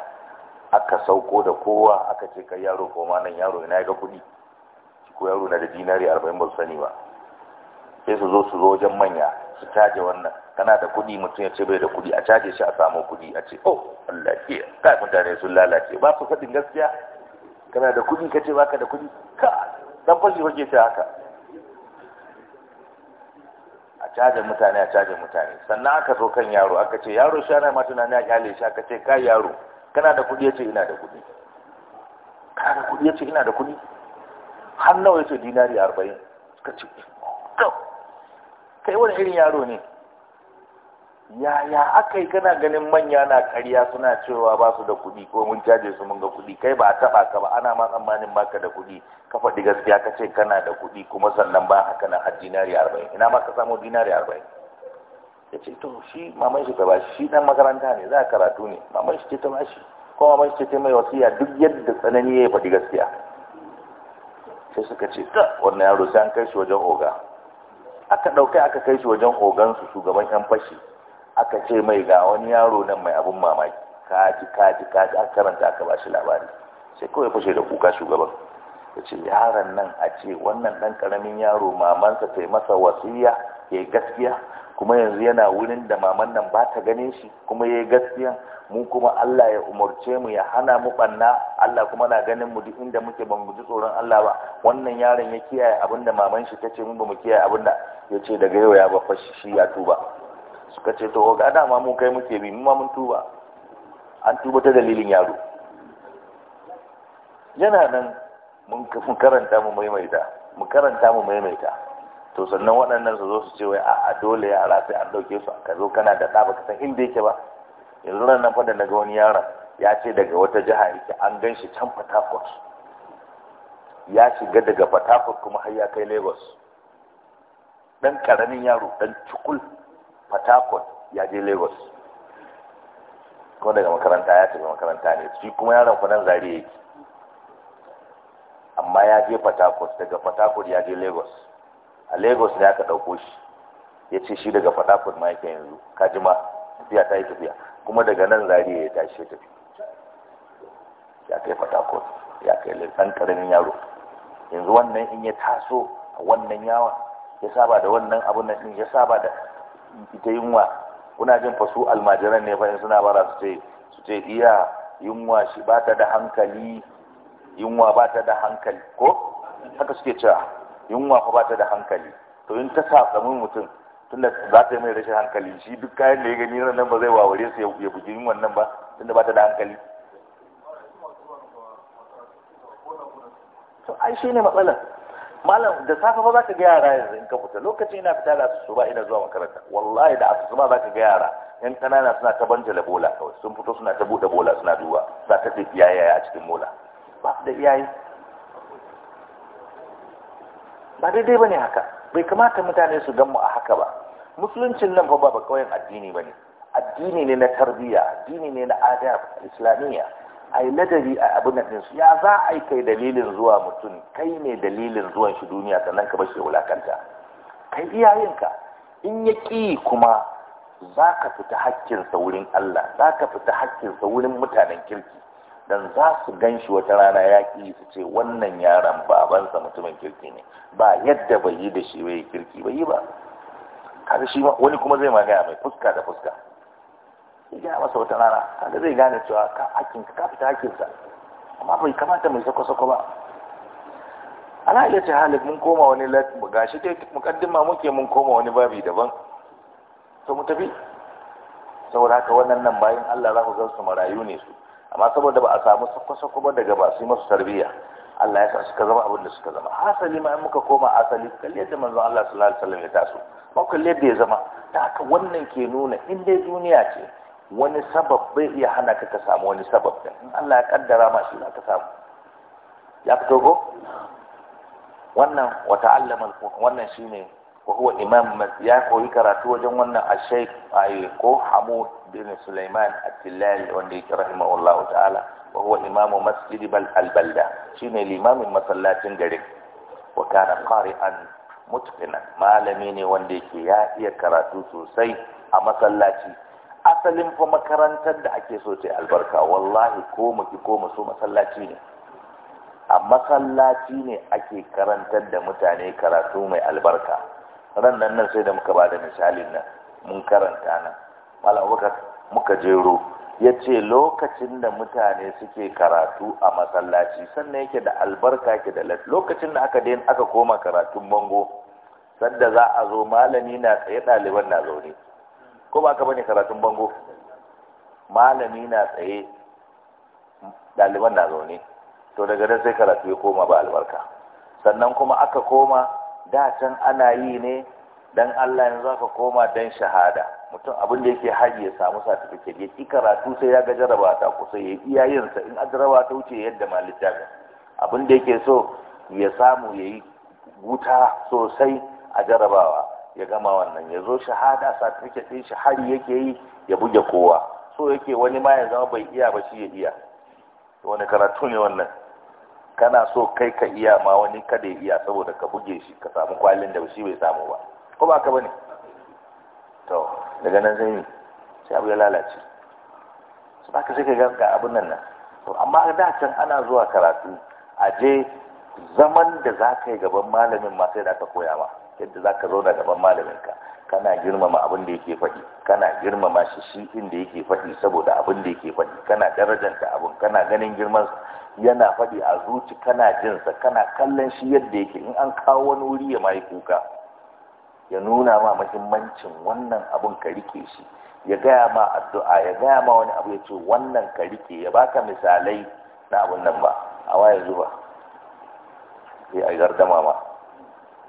aka sauko da kowa aka ce kai yaro koma nan yaro ina ya ga kuɗi ko yaro na da dinari arba'in ba su sani ba sai su zo su zo wajen manya su caje wannan kana da kuɗi mutum ya ce bai da kuɗi a caje shi a samu kuɗi a ce oh Allah ke kai mutane sun lalace ba su faɗin gaskiya kana da kuɗi ka ce baka da kuɗi ka dan fashi fage ta haka a caje mutane a caje mutane sannan aka zo kan yaro aka ce yaro shi ana ma tunani a kyale shi aka ce kai yaro kana da kuɗi ya ce ina da kuɗi kana da kuɗi ya ce ina da kuɗi har nawa ya ce dinari arba'in suka ce kai wani irin yaro ne yaya aka yi kana ganin manya na kariya suna cewa ba su da kuɗi ko mun caje su mun ga kuɗi kai ba a taɓa ka ba ana ma tsammanin baka da kuɗi ka faɗi gaskiya ka ce kana da kuɗi kuma sannan ba haka na har dinari arba'in ina ma ka samu dinari arba'in ya ce to shi maman shi ta ba shi dan makaranta ne za a karatu ne maman shi ce ta ba shi ko maman shi ce ta mai wasiya duk yadda tsanani ya faɗi gaskiya sai suka ce ta wannan yaro sai an kai shi wajen oga aka ɗauka aka kai shi wajen ogansu shugaban yan fashi aka ce mai ga wani yaro nan mai abin mamaki kaji kaji kaji aka karanta aka ba shi labari sai kawai fashe da kuka shugaban ya ce yaron nan a ce wannan ɗan ƙaramin yaro mamansa ta yi masa wasiya ya gaskiya kuma yanzu yana wurin da maman nan ba ta ganin shi kuma ya yi gaskiya mu kuma Allah ya umarce mu ya hana mu banna Allah kuma na ganin mu duk inda muke ban guji tsoron Allah ba wannan yaron ya kiyaye abin da maman shi tace mun ba mu kiyaye abin da ya ce daga yau ya ba fashi shi ya tuba suka ce to ga dama mu kai muke bi mu ma mun tuba an tuba ta dalilin yaro yana nan mun karanta mu maimaita mu karanta mu maimaita to sannan waɗannan su zo su ce wai a dole yara sai an ɗauke su ka zo kana da ɗa baka san inda yake ba yanzu ran nan fada daga wani yaron ya ce daga wata jiha yake an gan shi can Port ya shiga daga Port kuma har ya kai Lagos ɗan karamin yaro ɗan cukul Port ya je Lagos ko daga makaranta ya tafi makaranta ne shi kuma yaron fa nan zariya yake amma ya je Port daga Port ya je Lagos a lagos ne aka ɗauko shi ya ce shi daga fadafur ma yake yanzu kajima tafiya ta yi tafiya kuma daga nan zariya ya tashi ya tafi ya kai fadafur ya kai lantan karamin yaro yanzu wannan in ya taso a wannan yawa ya saba da wannan abun nan in ya saba da ita yunwa kuna jin fasu almajiran ne fa suna bara su ce su ce iya yunwa shi ba ta da hankali yunwa ba ta da hankali ko haka suke cewa yunwa fa ba ta da hankali to in ta samun mutum tunda za ta yi mai rashin hankali shi duk kayan da ya gani nan ba zai waware su ya bugi yunwan nan ba tunda ba ta da hankali to ai shi ne matsalar malam da safe ba za ka ga yara yanzu in ka fita lokacin ina fita da su ba ina zuwa makaranta wallahi da asusu ba za ka ga yara yan kanana suna ta banja bola kawai sun fito suna ta bude bola suna duba za ta tafi yaya a cikin bola ba da iyaye ba daidai ba ne haka bai kamata mutane su gan mu a haka ba musuluncin nan fa ba ba kawai addini ba ne addini ne na tarbiyya addini ne na adab islamiyya ai yi ladabi a abin da su ya za a yi kai dalilin zuwa mutum kai ne dalilin zuwan shi duniya sannan ka bashi wulakanta kai iyayenka in ya ƙi kuma za ka fita hakkinsa wurin Allah za ka fita hakkinsa wurin mutanen kirki dan za su gan shi wata rana ya ki su ce wannan yaron babansa mutumin kirki ne ba yadda bai yi da shi bai kirki bai yi ba kada shi wani kuma zai magana mai fuska da fuska sai gina masa wata rana kada zai gane cewa ka hakin ka fita hakinsa amma bai kamata mai sako-sako ba ana iya ce halif mun koma wani ga shi dai mukaddima muke mun koma wani babi daban to mu tafi saboda haka wannan nan bayan Allah za ku ga su marayu ne su amma saboda ba a samu sako-sako ba daga ba su masu tarbiyya Allah ya sa suka zama abin da suka zama hasali ma in muka koma asali kalli yadda manzon Allah sallallahu alaihi wasallam ya taso ma kalli yadda ya zama da haka wannan ke nuna in dai duniya ce wani sabab bai iya hana ka ka samu wani sabab din in Allah ya kaddara ma shi ka samu ya fito go wannan wa ta'allama wannan shine wa huwa imam ya koyi karatu wajen wannan ashaik ayi ko hamud bin sulaiman at-tillali wanda yake rahimahullahu ta'ala wa huwa imamu masjid bal al-balda shine limamin masallacin garin wa kana qari'an mutqina malami ne wanda yake ya iya karatu sosai a masallaci asalin fa makarantar da ake so ta albarka wallahi ko mu ki ko mu so masallaci ne a masallaci ne ake karantar da mutane karatu mai albarka ran nan nan sai da muka ba da misalin nan mun karanta nan malam abubakar muka jero ya ce lokacin da mutane suke karatu a masallaci sannan yake da albarka ke da lafi lokacin da aka daina aka koma karatun bango sadda za a zo malami na tsaye ɗaliban na zaune ko ba ka bane karatun bango malami na tsaye ɗaliban na zaune to daga nan sai karatu ya koma ba albarka sannan kuma aka koma da can ana yi ne dan Allah yanzu zaka koma dan shahada mutum abin da yake haji ya samu satifiket ya ki karatu sai ya ga jaraba ta kusa ya iya yin in jaraba ta wuce yadda ma littafin abin da yake so ya samu ya yi wuta sosai a jarabawa ya gama wannan ya zo shahada satifiket din shi hari yake yi ya buge kowa so yake wani ma ya zama bai iya ba shi ya iya wani karatu ne wannan kana so kai ka iya ma wani kada ya iya saboda ka buge shi ka samu kwalin da shi bai samu ba ko ba ka bane to daga nan sai sai abu ya lalace su ba ka sai ka ga abin nan nan to amma da can ana zuwa karatu a je zaman da za ka yi gaban malamin ma sai da aka koya ma yadda za ka zauna gaban malaminka kana girmama abin da yake faɗi kana girmama shi shi inda yake faɗi saboda abin da yake faɗi kana darajanta abin kana ganin girman yana faɗi a zuci kana jinsa kana kallon shi yadda yake in an kawo wani wuri ya mai kuka ya nuna ma muhimmancin wannan abin ka rike shi ya gaya ma addu'a ya gaya ma wani abu ya ce wannan ka rike ya baka misalai na abin nan ba a waya zuba sai a gardama ma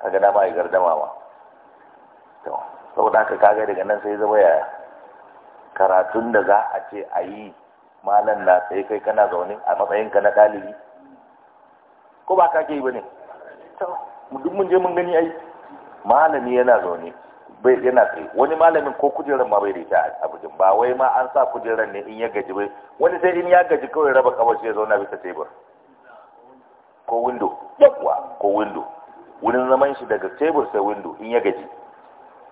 kaga ba ya gardama ba. to saboda haka kaga daga nan sai zama yaya karatun da za a ce a yi malam na sai kai kana zaune a matsayinka na ɗalibi ko ba ka ke yi ba ne duk mun je mun gani ai malami yana zaune bai yana sai wani malamin ko kujerar ma bai rita a bujin ba wai ma an sa kujerar ne in ya gaji bai wani sai in ya gaji kawai raba kawai sai ya zauna bisa tebur ko window yawwa ko windo wurin zaman shi daga tebur sai windo, in ya gaji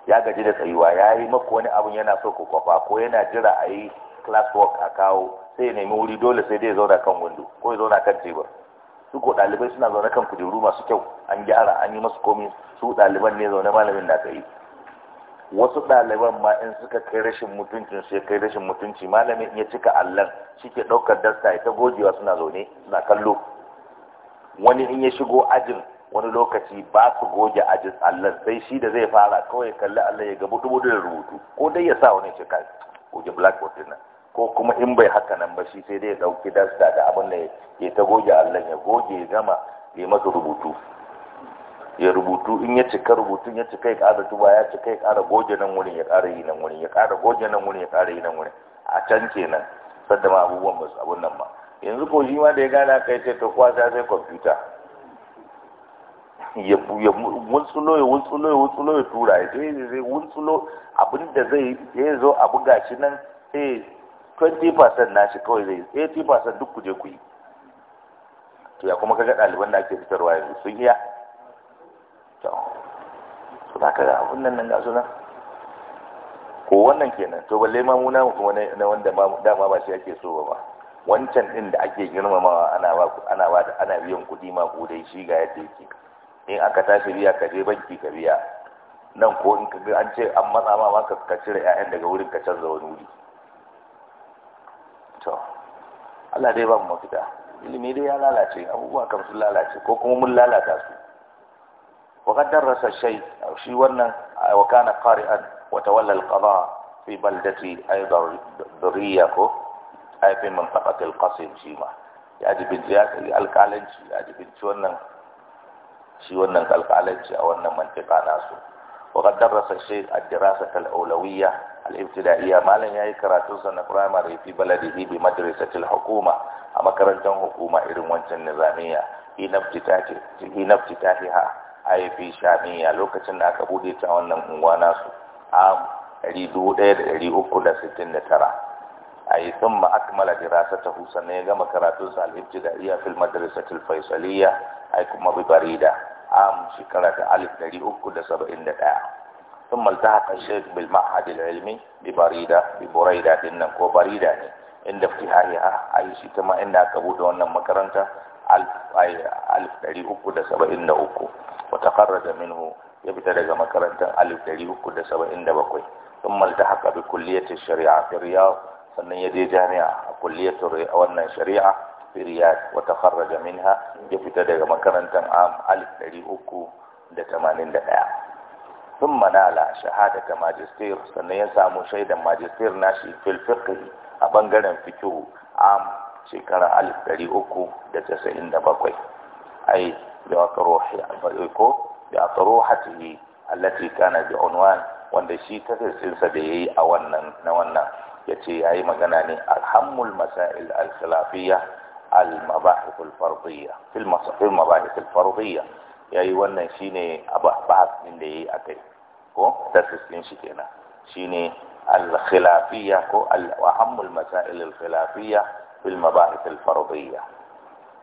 ya gaji da tsayuwa ya yi maka wani abun yana so ku kwafa ko yana jira a yi class work a kawo sai ya nemi wuri dole sai dai ya zauna kan windo ko ya zauna kan tebur su ko ɗalibai suna zaune kan kujeru masu kyau an gyara an yi masu komi su ɗaliban ne zaune malamin na tsaye wasu ɗaliban ma in suka kai rashin mutuncin ya kai rashin mutunci malamin ya cika allon ke ɗaukar dasta ya ta gojewa suna zaune suna kallo wani in ya shigo ajin wani lokaci ba su goge ajin Allah sai shi da zai fara kawai kalli Allah ya ga budu-budu da rubutu ko dai ya sa wani ce kai goge blackboard din ko kuma in bai haka nan ba shi sai dai ya dauki dasta da abin da ya ta goge Allah ya goge ya gama ya masa rubutu ya rubutu in ya cika rubutun ya cika ya ƙara tuba ya cika ya ƙara goge nan wurin ya ƙara yi nan wurin ya ƙara goge nan wurin ya ƙara yi nan wurin a can kenan sadda ma abubuwan ba su abun nan ba yanzu ko shi ma da ya gane kai yi ce to kwasa sai kwamfuta ya wunsulo ya wunsulo ya wunsulo ya tura ya je zai wunsulo abin da zai ya zo a buga shi nan sai 20% na shi kawai zai 80% duk kuje ku yi to ya kuma kaga ɗaliban da ake fitarwa yanzu sun iya to su za ka ga abin nan nan ga su nan ko wannan kenan to balle ma muna mu kuma na wanda dama ba shi ake so ba wancan din da ake girmamawa ana ba ana ba ana biyan kuɗi ma ko dai shi ga yadda yake in aka tashi biya ka je banki ka biya nan ko in ka an ce an matsa ma ma ka cire 'ya'yan daga wurin ka canza wani wuri to Allah dai ba mu mafita ilimi dai ya lalace abubuwa kam sun lalace ko kuma mun lalata su wa qaddar rasa shay shi wannan wa kana qari'an wa tawalla al-qada fi baldati ayda duriya ko ay fi mintaqati al-qasim shi ma ya ji bin ya alƙalanci ya ji bin wannan shi wannan kalkalanci a wannan mantiƙa nasu wa qad darasa shaykh a dirasah al-awlawiyya al-ibtida'iyya malan karatun sa na primary fi baladihi bi madrasati hukuma a makarantar hukuma irin wancan nizamiya hi naftitati hi naftitati a yi fi shamiya lokacin da aka bude ta wannan unguwa nasu a 1369 ai thumma akmala dirasatahu sannan ya gama karatun sa al-ibtida'iyya fil madrasati al-faisaliyya ai kuma bi barida am shekara ta alif ɗari uku da saba'in da ɗaya sun malta haka shek bil ma'adil ilmi bi barida bi buraida din nan ko barida ne inda fitihari a yi shi ta ma inda aka buɗe wannan makaranta alif ɗari uku da saba'in da uku wata da minhu ya fita daga makarantar alif ɗari uku da saba'in da bakwai sun malta haka bi kulliyatin shari'a fi sannan ya je jami'a a kulliyatin wannan shari'a wata رياض minha ya fita daga makarantan am 1381 Manala نال شهادة ماجستير sannan ya samu shaidan magister nashi fil fiqh a bangaren fiqh am shekara 1397 ai ya taruhi ko ya taruhatihi allati kana bi unwan wanda shi tafsirinsa da yayi a wannan na wannan yace yayi magana ne alhammul masail al المباحث الفرضية في المباحث الفرضية يا يوانا شيني أبحث من اللي أتي كو تسسين شكينا شيني الخلافية كو وأهم المسائل الخلافية في المباحث الفرضية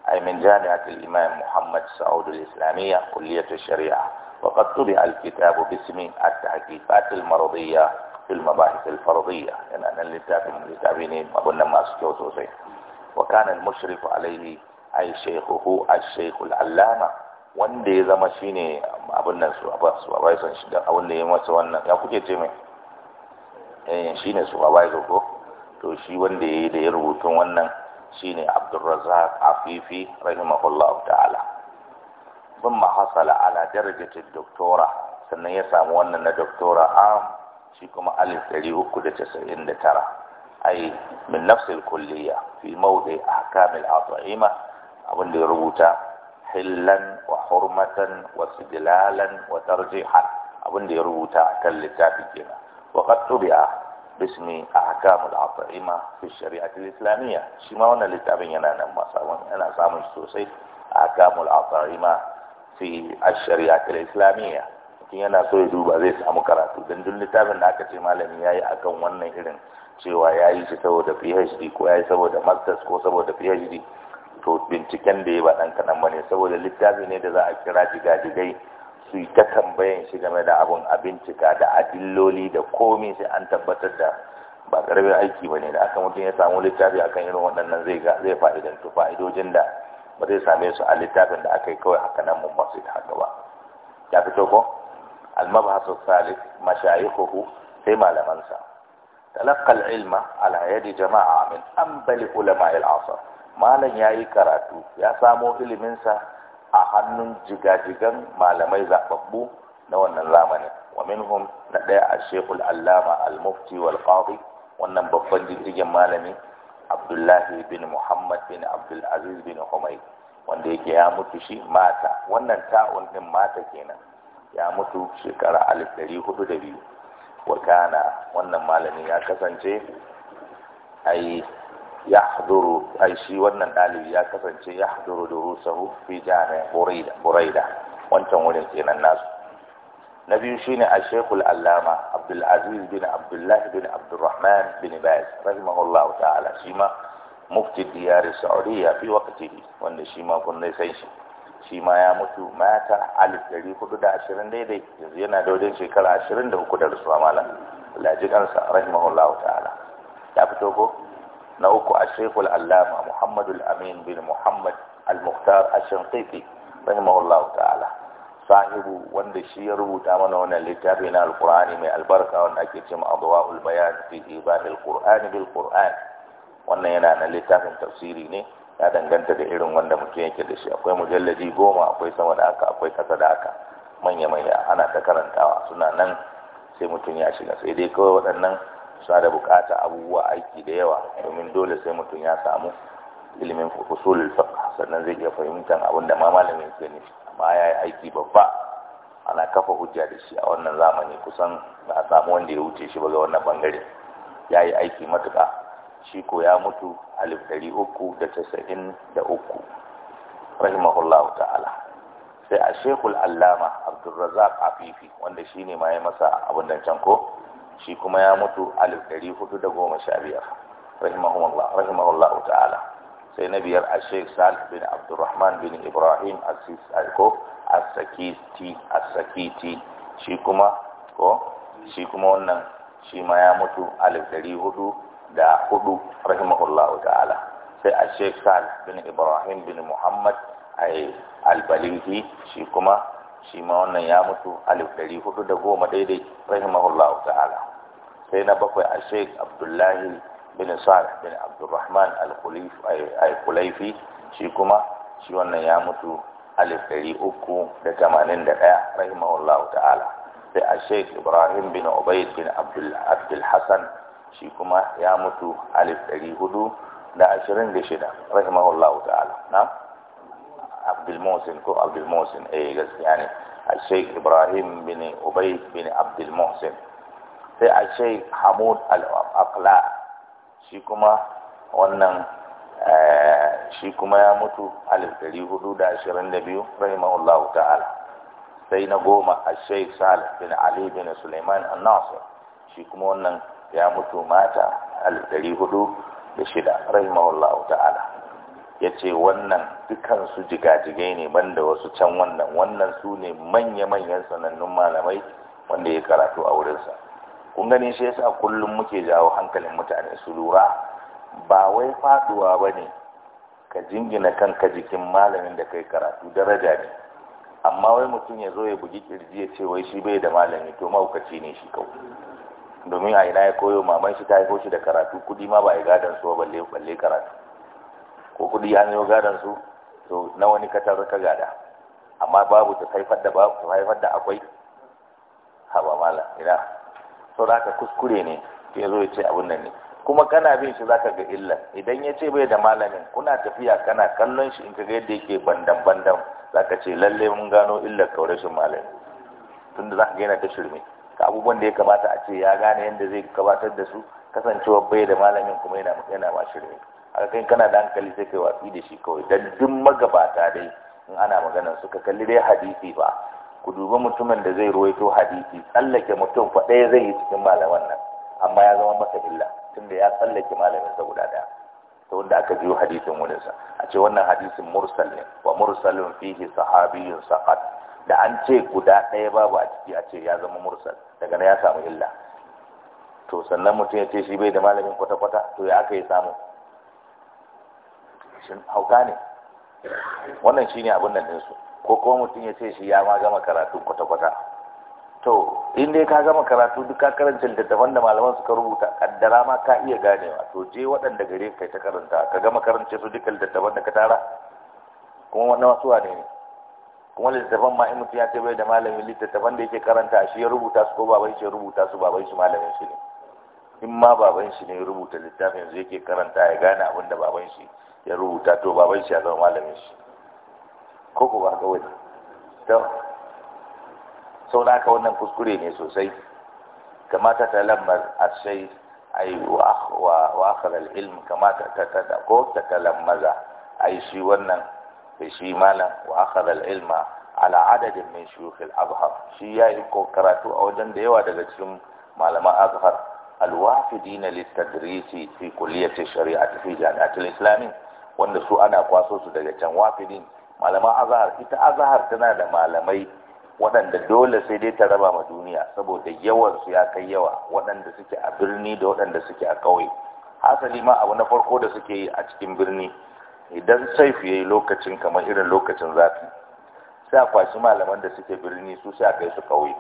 أي من جامعة الإمام محمد سعود الإسلامية كلية الشريعة وقد طبع الكتاب باسم التحقيقات المرضية في المباحث الفرضية يعني أنا اللي تابعين اللي تابعين ما قلنا ما سكوتو زي wa kana al-mushrif alaihi ay shaykhuhu al-shaykh wanda ya zama shine abin nan su abba shi da abin da ya masa wannan ya kuke ce mai eh shine su abba ya ko to shi wanda yi da ya rubutun wannan shine Abdurrazzaq Afifi rahimahullahu ta'ala thumma hasala ala darajati doktora sannan ya samu wannan na doktora am shi kuma alif ɗari uku da da casa'in tara. أي من نفس الكلية في موضع أحكام الأطعمة أبن ربوتا حلا وحرمة واستدلالا وترجيحا أبن ربوتا الجنة وقد تبع باسم أحكام الأطعمة في الشريعة الإسلامية شمعنا لتابعنا أنا أنا سامي سوسي أحكام الأطعمة في الشريعة الإسلامية mutum yana so ya duba zai samu karatu don duk littafin da aka ce malami ya yi akan wannan irin cewa ya yi shi saboda phd ko ya yi saboda masters ko saboda phd to binciken da ya ba ɗan kaɗan ba ne saboda littafi ne da za a kira jigajigai su yi ta tambayan shi game da abun a bincika da adilloli da komi sai an tabbatar da ba ƙarfin aiki ba ne da aka mutum ya samu littafi akan irin waɗannan zai ga zai fa'idantu fa'idojin da ba zai same su a littafin da aka yi kawai haka nan mun ba su haka ba ya fito ko al-mabhasu mashayi mashayikhu sai malamansa تلقى العلم على يد جماعة من أنبل علماء العصر malam ya yi karatu ya samo iliminsa a hannun jigajigan malamai zaɓaɓɓu na wannan zamanin wa minhum na ɗaya a shekul allama al-mufti wal wannan babban jirgin malami abdullahi bin muhammad bin abdul aziz bin humayd wanda yake ya mutu shi mata wannan ta'un din mata kenan ya mutu shekara alif ɗari hudu da biyu wakana wannan malami ya kasance ai ya haduru ai shi wannan ɗalibi ya kasance ya haduru durusahu fi jami'a buraida buraida wancan wurin kenan nasu na biyu shine a shekul allama abdulaziz bin abdullah bin abdurrahman bin baz rahimahullahu ta'ala shi ma mufti diyar saudiya fi wakati wanda shi ma kun san shi shi ma ya mutu mata alif ɗari hudu da ashirin daidai yanzu yana da shekara ashirin da uku da rasuwa malam laji rahimahullahu ta'ala ya fito ko na uku a shekul allama muhammadu amin bin muhammad al-muhtar ashinqiqi rahimahullahu ta'ala sahibu wanda shi ya rubuta mana wannan littafi na alkur'ani mai albarka wanda ake cewa adwaul bayan fi ibadil qur'ani bil qur'an wannan yana na littafin tafsiri ne ya danganta da irin wanda mutum yake da shi akwai mujallaji goma akwai sama da aka akwai kasa da aka manya-manya ana ta karantawa suna nan sai mutum ya shiga sai dai kawai waɗannan suna da bukata abubuwa aiki da yawa domin dole sai mutum ya samu ilimin usulul fiqh sannan zai iya fahimtar abin da ma malamin ke nufi amma ya yi aiki babba ana kafa hujja da shi a wannan zamani kusan ba a samu wanda ya wuce shi ba ga wannan bangare ya yi aiki matuka. shi ko ya mutu alif ɗari uku da tasa'in da uku rahimahullahu ta'ala sai a shekul allama abdulrazak afifi wanda shi ne ma ya masa abin can ko shi kuma ya mutu alif ɗari hudu da goma sha biyar rahimahullahu ta'ala sai na biyar a shek salif bin abdulrahman bin ibrahim ko asakiti shi kuma ko shi kuma wannan shi ma ya mutu alif ɗari hudu da hudu rahimahullahu ta'ala sai a sheikh salih bin ibrahim bin muhammad ai albalihi shi kuma shi ma wannan ya mutu alif ɗari hudu da goma daidai rahimahullahu ta'ala sai na bakwai a sheikh abdullahi bin salih bin abdurrahman al-kulaifi shi kuma shi wannan ya mutu alif ɗari uku da tamanin da ɗaya rahimahullahu ta'ala sai a sheikh ibrahim bin ubaid bin abdul shi kuma ya mutu alif ɗari hudu da ashirin da shida rahimahullahu ta'ala na abdulmohsin ko abdulmohsin yi eh, gaskiya ne a sheik ibrahim bin ubay bin abdulmohsin sai a sheik hamud al-aqla shi kuma wannan eh, shi kuma ya mutu alif ɗari hudu da ashirin da biyu rahimahullahu ta'ala sai na goma a sheik salih bin ali bin suleiman an-nasir shi kuma wannan ya mutu mata alif ɗari hudu da shida rahimahullahu ta'ala ya ce wannan dukansu jigajigai ne banda wasu can wannan wannan su ne manya-manyan sanannun malamai wanda ya karatu a wurinsa kun gani shi yasa kullum muke jawo hankalin mutane su lura ba wai faduwa ba ne ka jingina kan ka jikin malamin da kai karatu daraja ne amma wai mutum ya zo ya bugi kirji ya ce wai shi bai da malami to maukaci ne shi kawai domin a ina ya koyo maman shi ta haifo shi da karatu kudi ma ba a yi gadon su ba balle balle karatu ko kuɗi an yi gadon su to na wani katar ka gada amma babu ta haifar da babu ta haifar da akwai haba mala ina so da kuskure ne ke zo ya ce abun nan ne kuma kana bin shi zaka ga illa idan ya ce bai da malamin kuna tafiya kana kallon shi in ka ga yadda yake bandan bandan zaka ce lalle mun gano illar kaurashin malami tunda zaka ga yana ta shirme ka abubuwan da ya kamata a ce ya gane yadda zai gabatar da su kasancewa bai da malamin kuma yana yana ma shirye haka kai kana da hankali sai kai watsi da shi kawai dan duk magabata dai in ana magana ka kalli dai hadisi ba ku dubi mutumin da zai ruwaito hadisi tsallake mutum fa ɗaya zai yi cikin malaman nan amma ya zama masa illa tunda ya tsallake malamin sa guda ɗaya ta wanda aka biyo hadisin wurinsa a ce wannan hadisin mursal ne wa mursalin fihi sahabiyyun saqat da an ce guda ɗaya babu a ciki a ce ya zama mursal daga na ya samu illa to sannan mutum ya ce shi bai da malamin kwata-kwata to ya aka yi samu shin hauka ne wannan shi ne abin nan ɗinsu ko kuma mutum ya ce shi ya ma gama karatu kwata-kwata to in dai ka gama karatu duk ka karanta littattafan da malaman suka rubuta kaddara ma ka iya ganewa to je waɗanda gare ka ta karanta ka gama karance su duka littattafan da ka tara kuma wannan wasuwa ne ne kuma littattafan ma in mutum ya ce bai da malamin littattafan da yake karanta shi ya rubuta su ko baban shi ya rubuta su baban shi malamin shi ne in ma baban shi ne ya rubuta littafin yanzu yake karanta ya gane abin da baban shi ya rubuta to baban shi ya zama malamin shi ko ko ba ka wani to sau da haka wannan kuskure ne sosai kamata ta lamar ashai ai wa akhar al-ilm kamata ta ko ta kalammaza ai shi wannan sai shi malam wa akhadha al-ilma ala adadin min shuyukh al-azhar shi ya yi karatu a wajen da yawa daga cikin malaman azhar al-wafidin litadrisi fi kulliyat shari'ati fi jami'at al-islami wanda su ana kwaso su daga can wafidin malaman azhar ita azhar tana da malamai waɗanda dole sai dai ta raba ma duniya saboda yawan su ya kai yawa waɗanda suke a birni da waɗanda suke a ƙauye hasali ma abu na farko da suke yi a cikin birni idan saif yayi lokacin kamar irin lokacin zafi sai a kwashi malaman da suke birni su sai a kai su ƙauye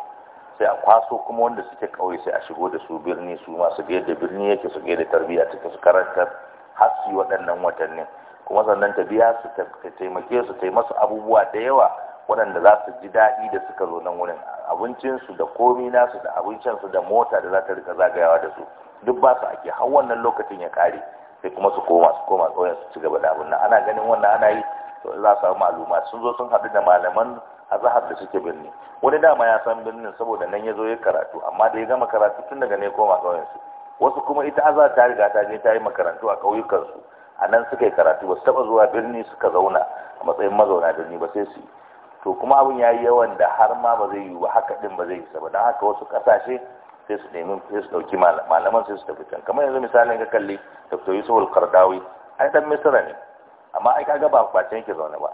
sai a kwaso kuma wanda suke ƙauye sai a shigo da su birni su masu su da birni yake su da yadda tarbiyya take su karantar har waɗannan watannin kuma sannan ta biya su ta taimake su ta masu abubuwa da yawa waɗanda za su ji daɗi da suka zo nan wurin abincinsu da komi nasu da abincinsu da mota da za ta rika zagayawa da su duk ba su ake har wannan lokacin ya ƙare sai kuma su koma su koma ƙauyen su ci gaba da abin nan ana ganin wannan ana yi to za su samu maluma sun zo sun haɗu da malaman azahar da suke birni wani dama ya san birnin saboda nan ya zo ya karatu amma da ya gama karatu tun daga ne koma su. wasu kuma ita azahar ta riga ta je ta yi makarantu a ƙauyukan su. a nan suka yi karatu ba su taɓa zuwa birni suka zauna a matsayin mazauna birni ba sai su to kuma abin ya yi yawan da har ma ba zai yiwu ba haka din ba zai yi Saboda haka wasu ƙasashe sai su nemi sai su dauki malaman sai su tafi can kamar yanzu misali ga kalli dr yusuf al-qardawi ai dan misra ne amma ai kaga ba ba can yake zaune ba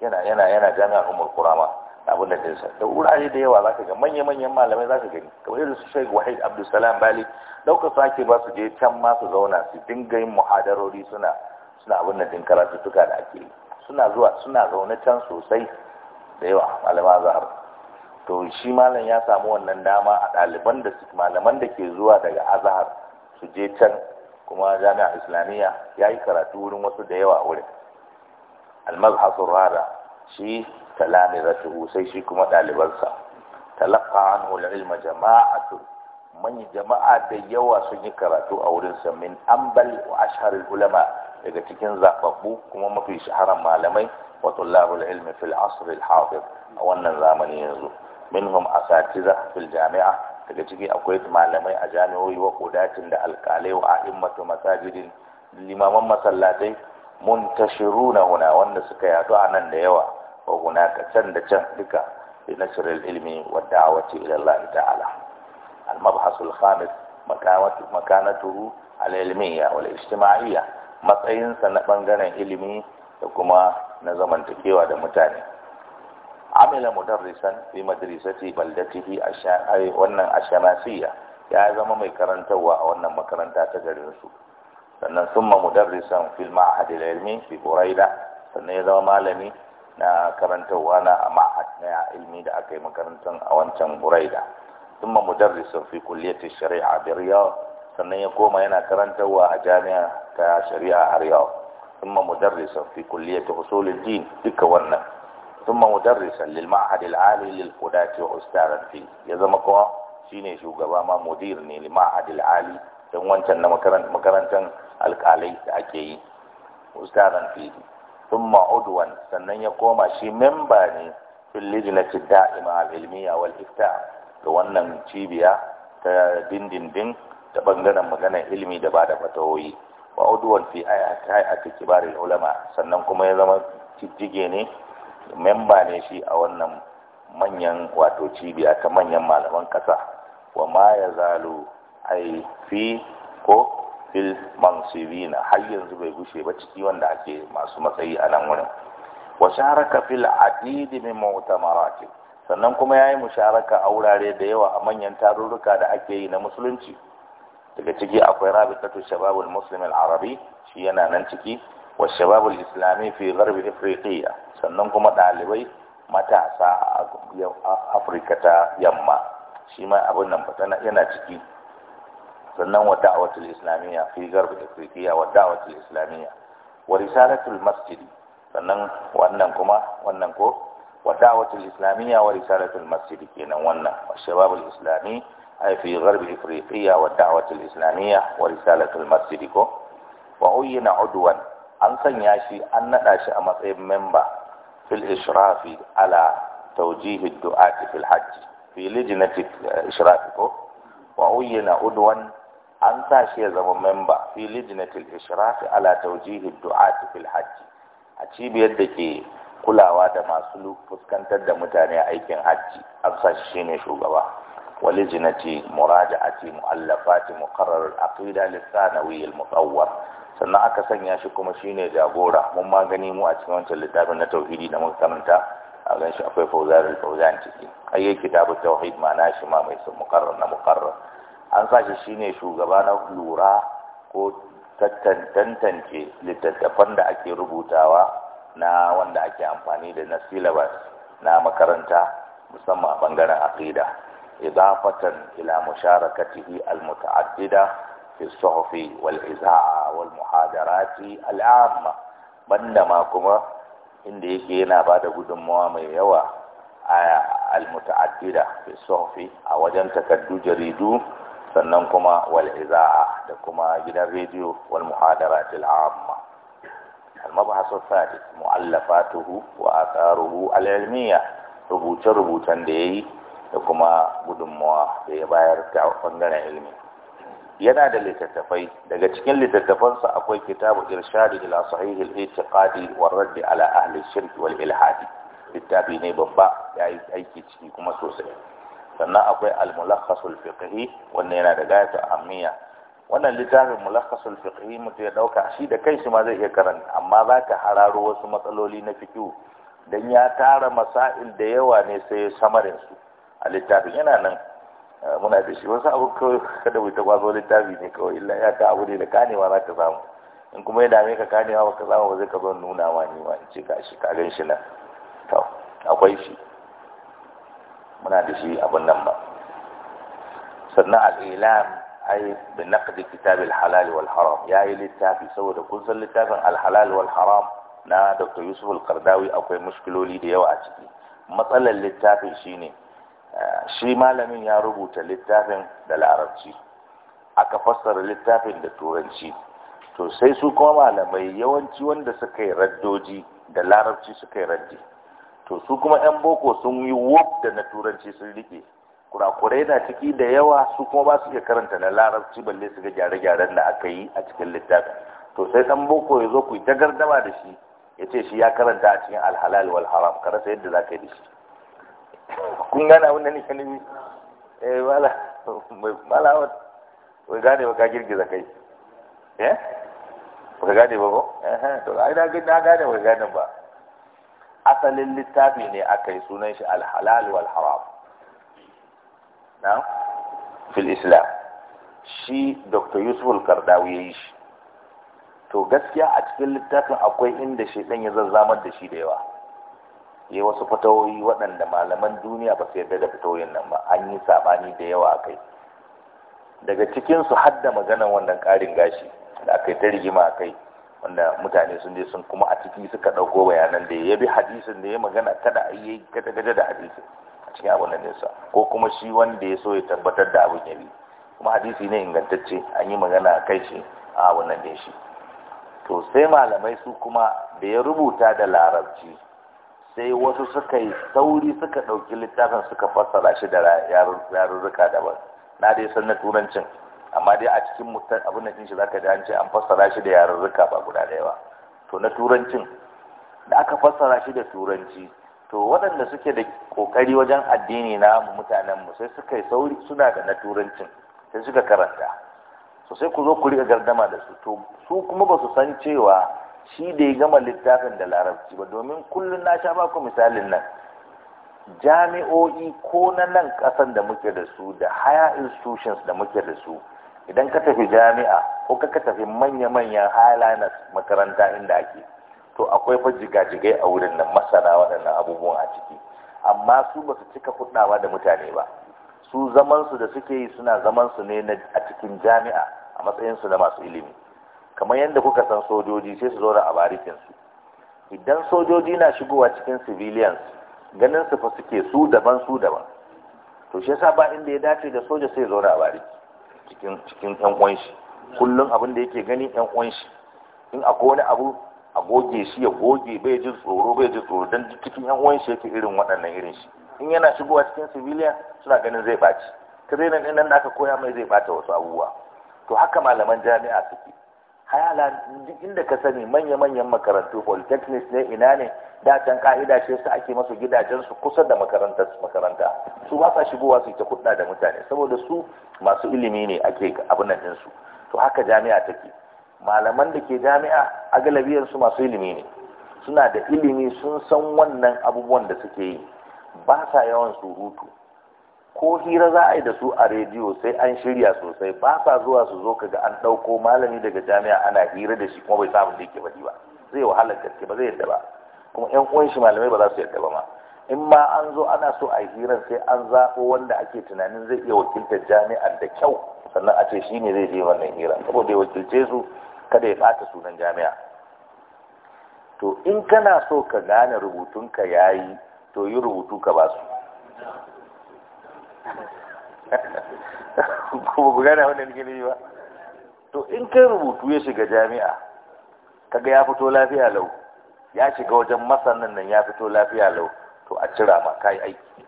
yana yana yana jami'ar umar kurama abin da dinsa da wurare da yawa zaka ga manya manyan malamai zaka gani kamar yanzu su Sheikh Wahid Abdulsalam Bali dauka sake ba su je can ma su zauna su dinga yin muhadarori suna suna abin da din tuka da ake suna zuwa suna zaune can sosai da yawa malama zahar to shi malam ya samu wannan dama a ɗaliban da su malaman da ke zuwa daga azahar su je can kuma jami'a islamiyya ya yi karatu wurin wasu da yawa wurin almazhasu rara shi talami ratuhu sai shi kuma ɗalibansa talaka anhu ilma jama'atu manyan jama'a da yawa sun yi karatu a wurin samin ambal wa ashar ulama daga cikin zababbu kuma mafi shaharan malamai wa tullabul ilmi fil asr al hadir a wannan zamani yanzu minhum asatiza fil jami'a daga ciki akwai malamai a jami'o'i wa kudatin da alkalai wa a'immatu masajidin limaman masallatai muntashiruna huna wanda suka yadu a nan da yawa wa ka can da can duka bi nasrul ilmi wa da'wati ila Allah ta'ala al-mabhasul khamis makanatuhu al-ilmiyya wal ijtima'iyya matsayinsa na bangaren ilimi da kuma na zamantakewa da mutane amila mudarrisan fi madrasati baldatihi ashai wannan ashamasiya ya zama mai karantarwa a wannan makaranta ta garin su sannan summa mudarrisan fil ma'had al-ilmi fi Buraida sannan ya zama malami na karantarwa na ma'had na ilmi da aka yi makarantar a wancan Buraida summa mudarrisan fi kulliyati shari'a bi Riyadh sannan ya koma yana karantarwa a jami'a ta shari'a a Riyadh summa mudarrisan fi kulliyati usul din duka wannan ثم مدرسا للمعهد العالي ya zama فيه يا زمكوا شيني شوغبا ما مدير ني للمعهد العالي dan wancan na makarantar alkalai da ake yi ustazan fi thumma udwan sannan ya koma shi memba ne fil lijnati da'ima al ilmiya wal ifta ga wannan cibiya ta dindindin ta bangaren maganar ilimi da ba da fatawoyi wa udwan fi ayati kibaril ulama sannan kuma ya zama jijjige ne memba ne shi a wannan manyan wato cibiya ta manyan malaman kasa. wa ma ya zalu ai fi ko fil mansibina har yanzu bai gushe ba ciki wanda ake masu matsayi a nan wurin wa sharaka fil adidi min mu'tamarati sannan kuma yayi musharaka a wurare da yawa a manyan tarurruka da ake yi na musulunci daga ciki akwai rabitatu shababul muslimin arabi shi yana nan ciki wa shababul islami fi gharbi afriqiya sannan kuma dalibai matasa a afirka ta yamma shi ma abin nan yana ciki sannan wa da'watul islamiyya fi gharbi islamiyya sannan wannan kuma wannan ko wa islamiyya wa risalatul masjid kenan wannan wa shababul islami ay fi gharbi afriqiya wa da'watul islamiyya wa risalatul masjid ko wa uyyina udwan an sanya shi an naɗa shi a matsayin memba fil ishrafi ala tawjihi du'ati fil hajj fi lijnati ishrafi ko wa uyyana udwan an sa shi ya zama memba fi lijnati ishrafi ala tawjihi du'ati fil hajj a cibiyar da ke kulawa da masu fuskantar da mutane aikin hajji an sa shi shine shugaba ولجنة muraja'ati mu'allafati مقرر العقيدة للثانوي المطور sannan aka sanya shi kuma shine jagora mun ma gani mu a cikin wancan littafin na tauhidi da muka karanta a gan shi akwai fawzarul fawzan ciki ayyai kitabu tauhid na shi ma mai sun muqarrar na muqarrar an sa shi shine shugaba na lura ko tantance littattafan da ake rubutawa na wanda ake amfani da na syllabus na makaranta musamman a bangaren aqida idafatan ila musharakatihi almutaaddida في الصحف والإذاعة والمحاضرات العامة بندما كما inda yake yana ba da gudunmawa mai yawa a almuta'addida fi a wajen takardu jaridu sannan kuma wal iza'a da kuma gidan rediyo wal muhadarat al amma al mabhas sadis wa atharuhu al rubuce rubutan da yayi da kuma gudummawa da ya bayar ta bangaren ilimi yana da littattafai daga cikin littattafansa akwai kitabu irshadi ila sahih al-i'tiqadi war radd ala ahli shirk wal ilhadi littafi ne babba ya yi aiki ciki kuma sosai sannan akwai al-mulakhas al-fiqhi wannan yana da gayatu ahmiya wannan littafin mulakhas al-fiqhi mutum ya dauka shi da kai shi ma zai iya karanta amma za ka hararo wasu matsaloli na fiqh dan ya tara masail da yawa ne sai samarin su a littafin yana nan muna da shi wasu abu kawai kada wuta kwazo littafi ne kawai illa ya ka abu ne da kanewa za ka samu in kuma ya dame ka kanewa ba ka samu ba zai ka zo nuna wa ni ma in ce ka shi ka gan shi nan to akwai shi muna da shi abin nan ba sannan al'ilam ai bi naqdi kitab al-halal wal haram ya yi littafi saboda kun san littafin al-halal wal haram na Dr. Yusuf al-Qardawi akwai mushkiloli da yawa a ciki matsalar littafin shine shi malamin ya rubuta littafin da larabci aka fassara littafin da turanci to sai su kuma malamai yawanci wanda suka yi raddoji da larabci suka yi raddi to su kuma 'yan boko sun yi wuf da na turanci sun rike kurakurai na ciki da yawa su kuma ba su iya karanta na larabci balle su ga gyare-gyaren da aka yi a cikin littafin to sai dan boko ya zo ku yi ta gardama da shi ya ce shi ya karanta a cikin alhalal wal haram karasa yadda za ka yi da shi kun gane abin da nake nemi eh mai mala wat wai gane ba ka girgiza kai eh ka gane ba ko eh to ai da na gane ba gane ba asalin littafi ne aka yi sunan shi al-halal wal haram na fil islam shi dr yusuf al-kardawi yayi shi to gaskiya a cikin littafin akwai inda shi dan ya zazzamar da shi da yawa yi wasu fatawoyi waɗanda malaman duniya ba su yarda da fatawoyin nan ba an yi saɓani da yawa a kai daga cikinsu har da maganan wannan ƙarin gashi da aka yi ta rigima a kai wanda mutane sun je sun kuma a ciki suka ɗauko bayanan da ya bi hadisin da ya magana kada a yi gada da hadisin a cikin abin nan nesa ko kuma shi wanda ya so ya tabbatar da abin ya bi kuma hadisi ne ingantacce an yi magana a kai shi a abin nan shi to sai malamai su kuma da ya rubuta da larabci sai wasu suka yi sauri suka ɗauki littafin suka fassara shi da yarurruka daban na dai san na turancin amma dai a cikin abin da shi zaka ji an ce an fassara shi da yarurruka ba guda ɗaya ba to na turancin da aka fassara shi da turanci to waɗanda suke da ƙoƙari wajen addini na mutanen mu sai suka yi sauri suna da na turancin sai suka karanta sosai ku zo ku riƙa gardama da su to su kuma ba su san cewa shi da ya gama littafin da larabci ba domin kullum na sha baku misalin nan jami'o'i ko na nan kasan da muke da su da higher institutions da muke da su idan ka tafi jami'a ko ka tafi manya-manyan highlanders makaranta inda ake to akwai fa jigajigai a wurin nan masana waɗannan abubuwan a ciki amma su ba su cika hudawa da mutane ba su zamansu da suke yi suna zamansu ne a cikin jami'a a matsayinsu na masu ilimi kamar yadda kuka san sojoji sai su zo da abarikinsu idan sojoji na shigowa cikin civilians ganin su fa suke su daban su daban to shi yasa ba inda ya dace da soja sai zo da abariki cikin cikin ɗan uwan shi kullun abin da yake gani ɗan uwan shi in akwai wani abu a goge shi ya goge bai ji tsoro bai ji tsoro dan cikin ɗan uwan shi yake irin waɗannan irin shi in yana shigowa cikin civilian suna ganin zai ɓaci kare nan da aka koya mai zai ɓata wasu abubuwa to haka malaman jami'a suke hayala duk inda ka sani manya-manyan makarantu polytechnics ne ina ne da ka'ida shi su ake masu gidajen su kusa da makarantar makaranta su ba sa shigowa su ta kudda da mutane saboda su masu ilimi ne ake abin nan to haka jami'a take malaman da ke jami'a a galabiyar su masu ilimi ne suna da ilimi sun san wannan abubuwan da suke yi ba sa yawan surutu ko hira za a yi da su a rediyo sai an shirya sosai ba sa zuwa su zo kaga an ɗauko malami daga jami'a ana hira da shi kuma bai samu da yake baɗi ba zai wahala gaske ba zai yadda ba kuma ƴan uwan shi malamai ba za su yadda ba ma in ma an zo ana so a hirar sai an zaɓo wanda ake tunanin zai iya wakiltar jami'ar da kyau sannan a ce shi ne zai je wannan hira saboda ya wakilce su kada ya ɓata sunan jami'a to in kana so ka gane rubutunka yayi to yi rubutu ka ba su kuma ku gane wannan nake ba to in kai rubutu ya shiga jami'a kaga ya fito lafiya lau ya shiga wajen masanin nan ya fito lafiya lau to a cira ma kai aiki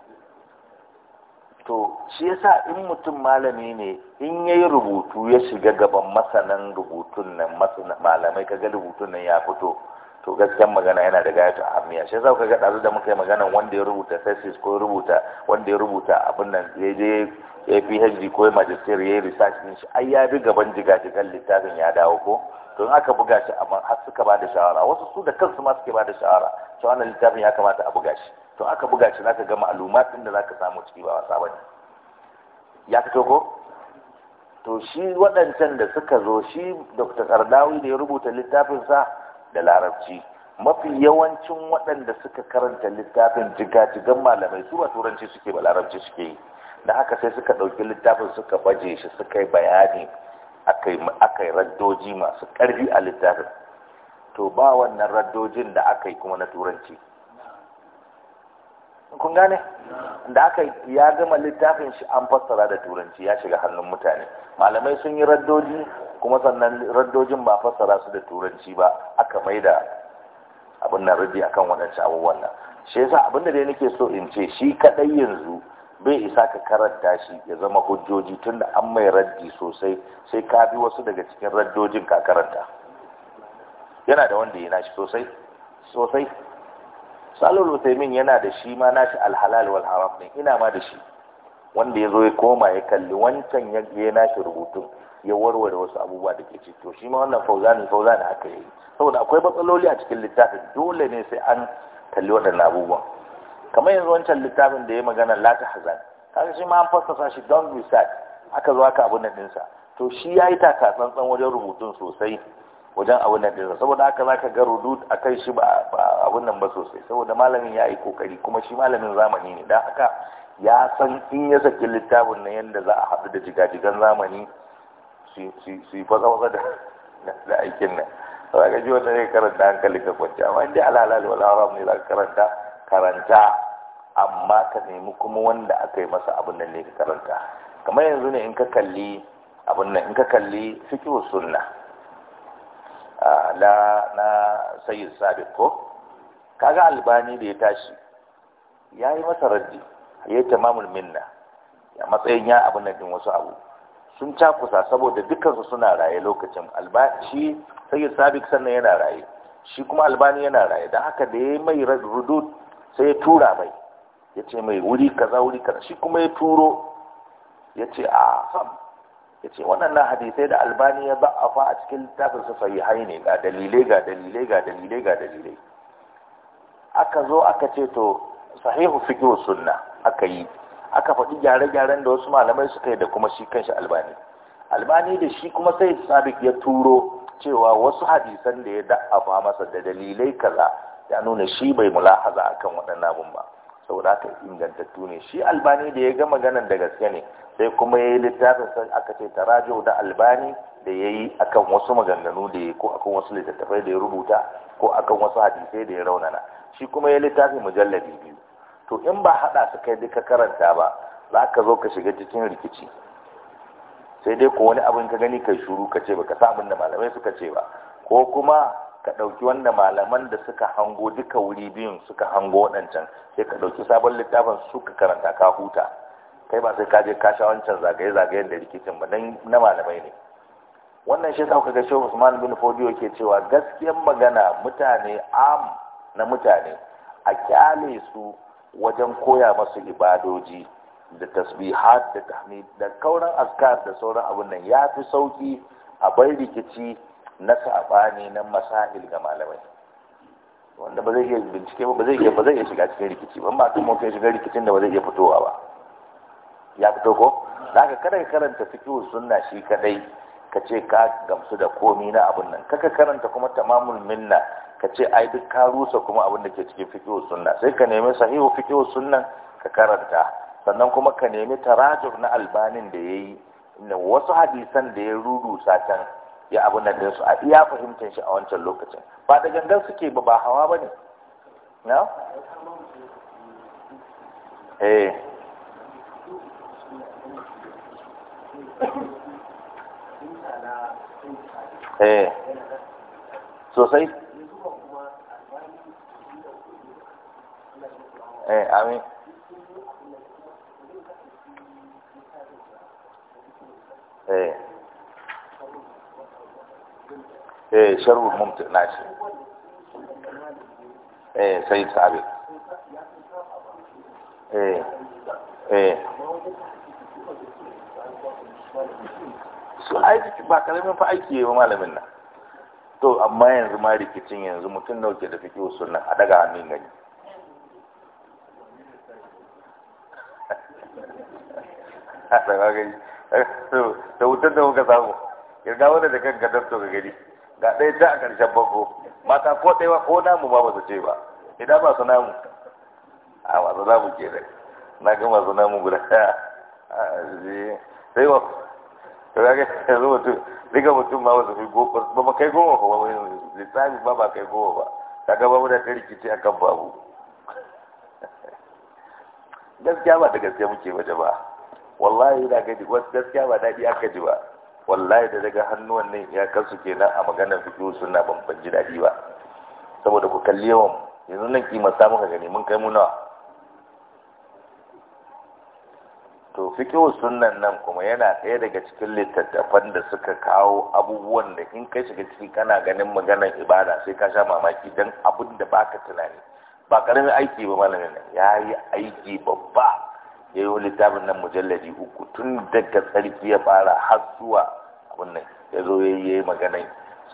to shi yasa in mutum malami ne in yayi rubutu ya shiga gaban masanan rubutun nan malamai kaga rubutun nan ya fito to gaskiyar magana yana da gayatu ahammiya shi yasa ka ga ɗazu da muka yi magana wanda ya rubuta thesis ko rubuta wanda ya rubuta abin nan ya je ya PhD ko magister ya yi research din shi ai ya bi gaban kan littafin ya dawo ko to aka buga shi amma har suka ba da shawara wasu su da kansu ma suke ba da shawara to wannan littafin ya kamata a buga shi to aka buga shi zaka ga ma'lumat din da zaka samu ciki ba wasa bane ya fito ko to shi waɗancan da suka zo shi Dr. Kardawi da ya rubuta littafin sa da larabci mafi yawancin waɗanda suka karanta littafin jiga jigajigan malamai su ba turanci suke ba larabci suke yi da haka sai suka ɗauki littafin suka baje shi suka yi bayani aka yi raddoji masu ƙarfi a littafin to ba wannan raddojin da aka yi kuma na turanci kun gane da aka ya gama littafin shi an fassara da turanci ya shiga hannun mutane malamai sun yi raddoji kuma sannan raddojin ba fassara su da turanci ba aka maida abin nan rabi akan waɗancan abubuwan nan shi yasa abin da dai nake so in ce shi kaɗai yanzu bai isa ka karanta shi ya zama hujjoji tun da an mai raddi sosai sai ka bi wasu daga cikin raddojin ka karanta yana da wanda ya nashi sosai sosai salul usaimin yana da shi ma nashi alhalal wal haram ne ina ma da shi wanda ya zo ya koma ya kalli wancan ya ya nashi rubutun ya warware wasu abubuwa da ke ci to shi ma wannan fauzani fauzani haka yayi saboda akwai matsaloli a cikin littafin dole ne sai an kalli waɗannan abubuwa kamar yanzu wancan littafin da ya magana la ta hazan kaga shi ma an fassara shi don research aka zo aka abun nan dinsa to shi ya yi taka wajen rubutun sosai wajen abin nan ɗinsa saboda haka zaka ga rudud a kai shi ba abin nan ba sosai saboda malamin ya yi kokari kuma shi malamin zamani ne da haka ya san in ya saki littafin na yadda za a haɗu da jigajigan zamani su yi fasa da aikin nan za ka ji wanda zai karanta hankali ka kwanci amma inda alhalal wala haram ne za ka karanta karanta amma ka nemi kuma wanda aka yi masa abin nan ne ka karanta kamar yanzu ne in ka kalli abin nan in ka kalli fikihu sunna la na sayyid sabit ko kaga albani da ya tashi yayi masa raddi ya tamamul minna a matsayin ya abin nan wasu abu sun cakusa saboda dukansu suna raye lokacin albashi sayyid sabit sannan yana raye shi kuma albani yana raye dan haka da ya mai rudud sai ya tura mai ya mai wuri kaza wuri kaza shi kuma ya turo ya a ah, ya ce waɗannan hadisai da albani ya za'afa a cikin littafin su sahihai ne ga dalilai ga dalilai ga dalilai ga dalilai aka zo aka ce to sahihu fiqh sunna aka yi aka faɗi gyare-gyaren da wasu malamai suka yi da kuma shi kanshi albani albani da shi kuma sai sabik ya turo cewa wasu hadisan da ya da'afa masa da dalilai kaza ya nuna shi bai mulahaza akan waɗannan abun ba saboda haka ingantattu ne shi albani da ya ga maganan da gaske ne sai kuma ya yi littafin san aka ce tarajo da albani da ya yi akan wasu maganganu da ya ko akan wasu littattafai da ya rubuta ko akan wasu hadisai da ya raunana shi kuma ya yi littafin mujallabi biyu to in ba haɗa su kai duka karanta ba za ka zo ka shiga cikin rikici sai dai ko wani abin ka gani kai shuru ka ce baka sa abin da malamai suka ce ba ko kuma ka ɗauki wanda malaman da suka hango duka wuri biyun suka hango waɗancan sai ka ɗauki sabon littafin suka karanta ka huta kai ba sai ka ka sha wancan zagaye zagayen da rikicin ba dan na malamai ne wannan shi sauka ga shehu usman bin fodiyo ke cewa gaskiyar magana mutane am na mutane a kyale su wajen koya masu ibadoji da tasbihat da tahmid da kauran askar da sauran abun nan ya fi sauki a bai rikici na sabani na masahil ga malamai wanda ba zai iya bincike ba zai iya ba zai iya shiga cikin rikici ba ba kuma kai shiga rikicin da ba zai iya fitowa ba ya fito ko zaka kada ka karanta fiqh sunna shi kadai ka ce ka gamsu da komi na abun nan kaka karanta kuma tamamul minna ka ce ai duk ka rusa kuma abin da ke cikin fiqh sunna sai ka nemi sahihu fiqh sunna ka karanta sannan kuma ka nemi tarajum na albanin da yayi na wasu hadisan da ya rurusa can ya abun nan su a iya fahimtar shi a wancan lokacin ba da gangan suke ba ba hawa bane na eh eh sosai eh amin eh eh sharhul mumti nashi eh sai sabi eh eh su aiki ba karamin fa aiki yayi malamin nan to amma yanzu ma rikicin yanzu mutum da ke da fiqh sunna a daga hannun gani <laughs> da ka gani da wutar da kuka samu kirga wanda da kanka to ka gani ga ɗaya ta a ƙarshen bako. mata ko ɗaya ko namu ba ba su ce ba idan ba su namu a masu namu ke dai. na ga masu namu guda ɗaya <laughs> sai ba to kaga yanzu mutum riga mutum ba su fi ba ba kai goma ba wani yanzu lissafi ba ba kai goma ba ta ba mu da kai rikici akan babu gaskiya ba da gaskiya muke waje ba wallahi da gaji wasu gaskiya ba daɗi aka ji ba wallahi da daga hannuwan nan ya kansu kenan a maganar fiƙo suna ban ji daɗi ba saboda ku kalli yawan yanzu nan kima samu ka gani mun kai mu nawa to fiqh sunnan nan kuma yana ɗaya daga cikin littattafan da suka kawo abubuwan da in kai shiga ciki kana ganin maganar ibada sai ka sha mamaki dan abin da baka tunani ba karamin aiki ba malamin nan Ya yi aiki babba ya yi littafin nan mujalladi uku tun daga tsarki ya fara har zuwa abin nan ya zo ya yi maganar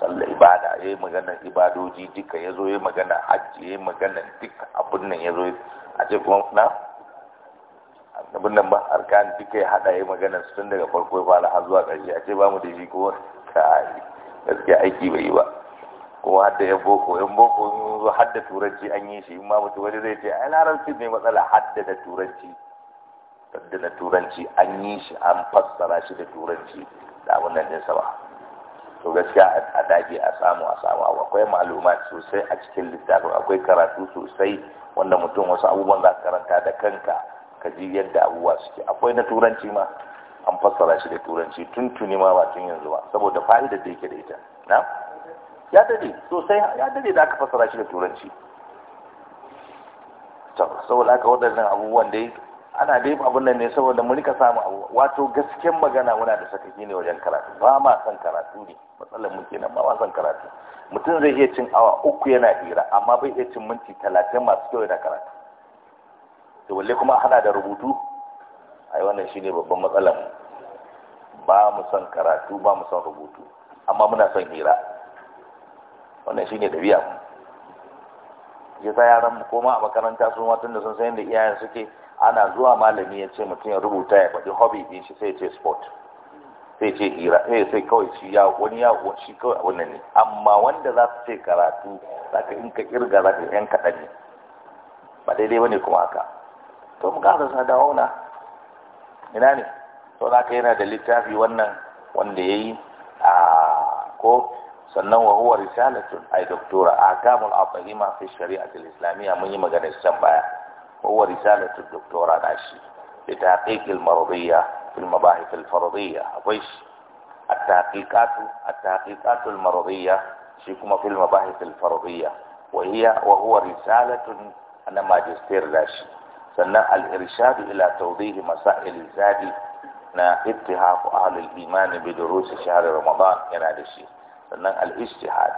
sallar ibada ya yi maganar ibadoji duka ya zo ya yi maganar hajji ya yi maganar duka abin nan ya zo a ce kuma na abin nan ba arkan duka ya haɗa ya magana su tun daga farko ya fara har zuwa ƙarshe a ce ba mu da shi ko kai gaskiya aiki bai yi ba kuma hadda ya boko yan boko sun zo hadda turanci an yi shi in ma mutu wani zai ce ai larabci ne matsala hadda da turanci hadda da turanci an yi shi an fassara shi da turanci da abin nan ɗinsa ba to gaskiya a dage a samu a samu akwai maluma sosai a cikin littafin akwai karatu sosai wanda mutum wasu abubuwan za ka karanta da kanka ka ji yadda abubuwa suke akwai na turanci ma an fassara shi da turanci tuntuni ma ba tun yanzu ba saboda fa'idar da yake da ita na ya dade sosai ya dade da aka fassara shi da turanci saboda aka wadannan abubuwan dai ana dai abun nan ne saboda mu rika samu abu wato gasken magana muna da sakaki ne wajen karatu ba ma son karatu ne matsalar mu kenan ba ma son karatu mutum zai iya cin awa uku yana hira amma bai iya cin minti talatin masu kyau yana karatu to balle kuma a da rubutu ai wannan shine babban matsalar ba mu son karatu ba mu son rubutu amma muna son hira wannan shine dabi'a ya sa yaran mu koma a makaranta su ma tunda sun san da iyayen suke ana zuwa malami ya ce mutum ya rubuta ya faɗi hobby din shi sai ya ce sport sai ce hira eh sai kawai shi ya wani ya shi kawai wannan ne amma wanda za su ce karatu zaka in ka kirga zaka yan kaɗan ne ba daidai bane kuma haka to mu karasa da na? ina ne to na ka yana da littafi wannan wanda ya yi a ko sannan wa huwa risalatun ay doktora akamul afahima fi shari'atul islamiyya mun yi magana can baya wa huwa risalatun doktora na shi bi taqiqil maradiyya fil mabahith al faradiyya akwai shi التحقيقات التحقيقات المرضية شيكما في المباحث الفرضية وهي وهو رسالة أنا da shi. sannan al-irshad ila tawdih masail zadi na ittihaf ahlul iman bi durus shahr ramadan yana da shi sannan al-ijtihad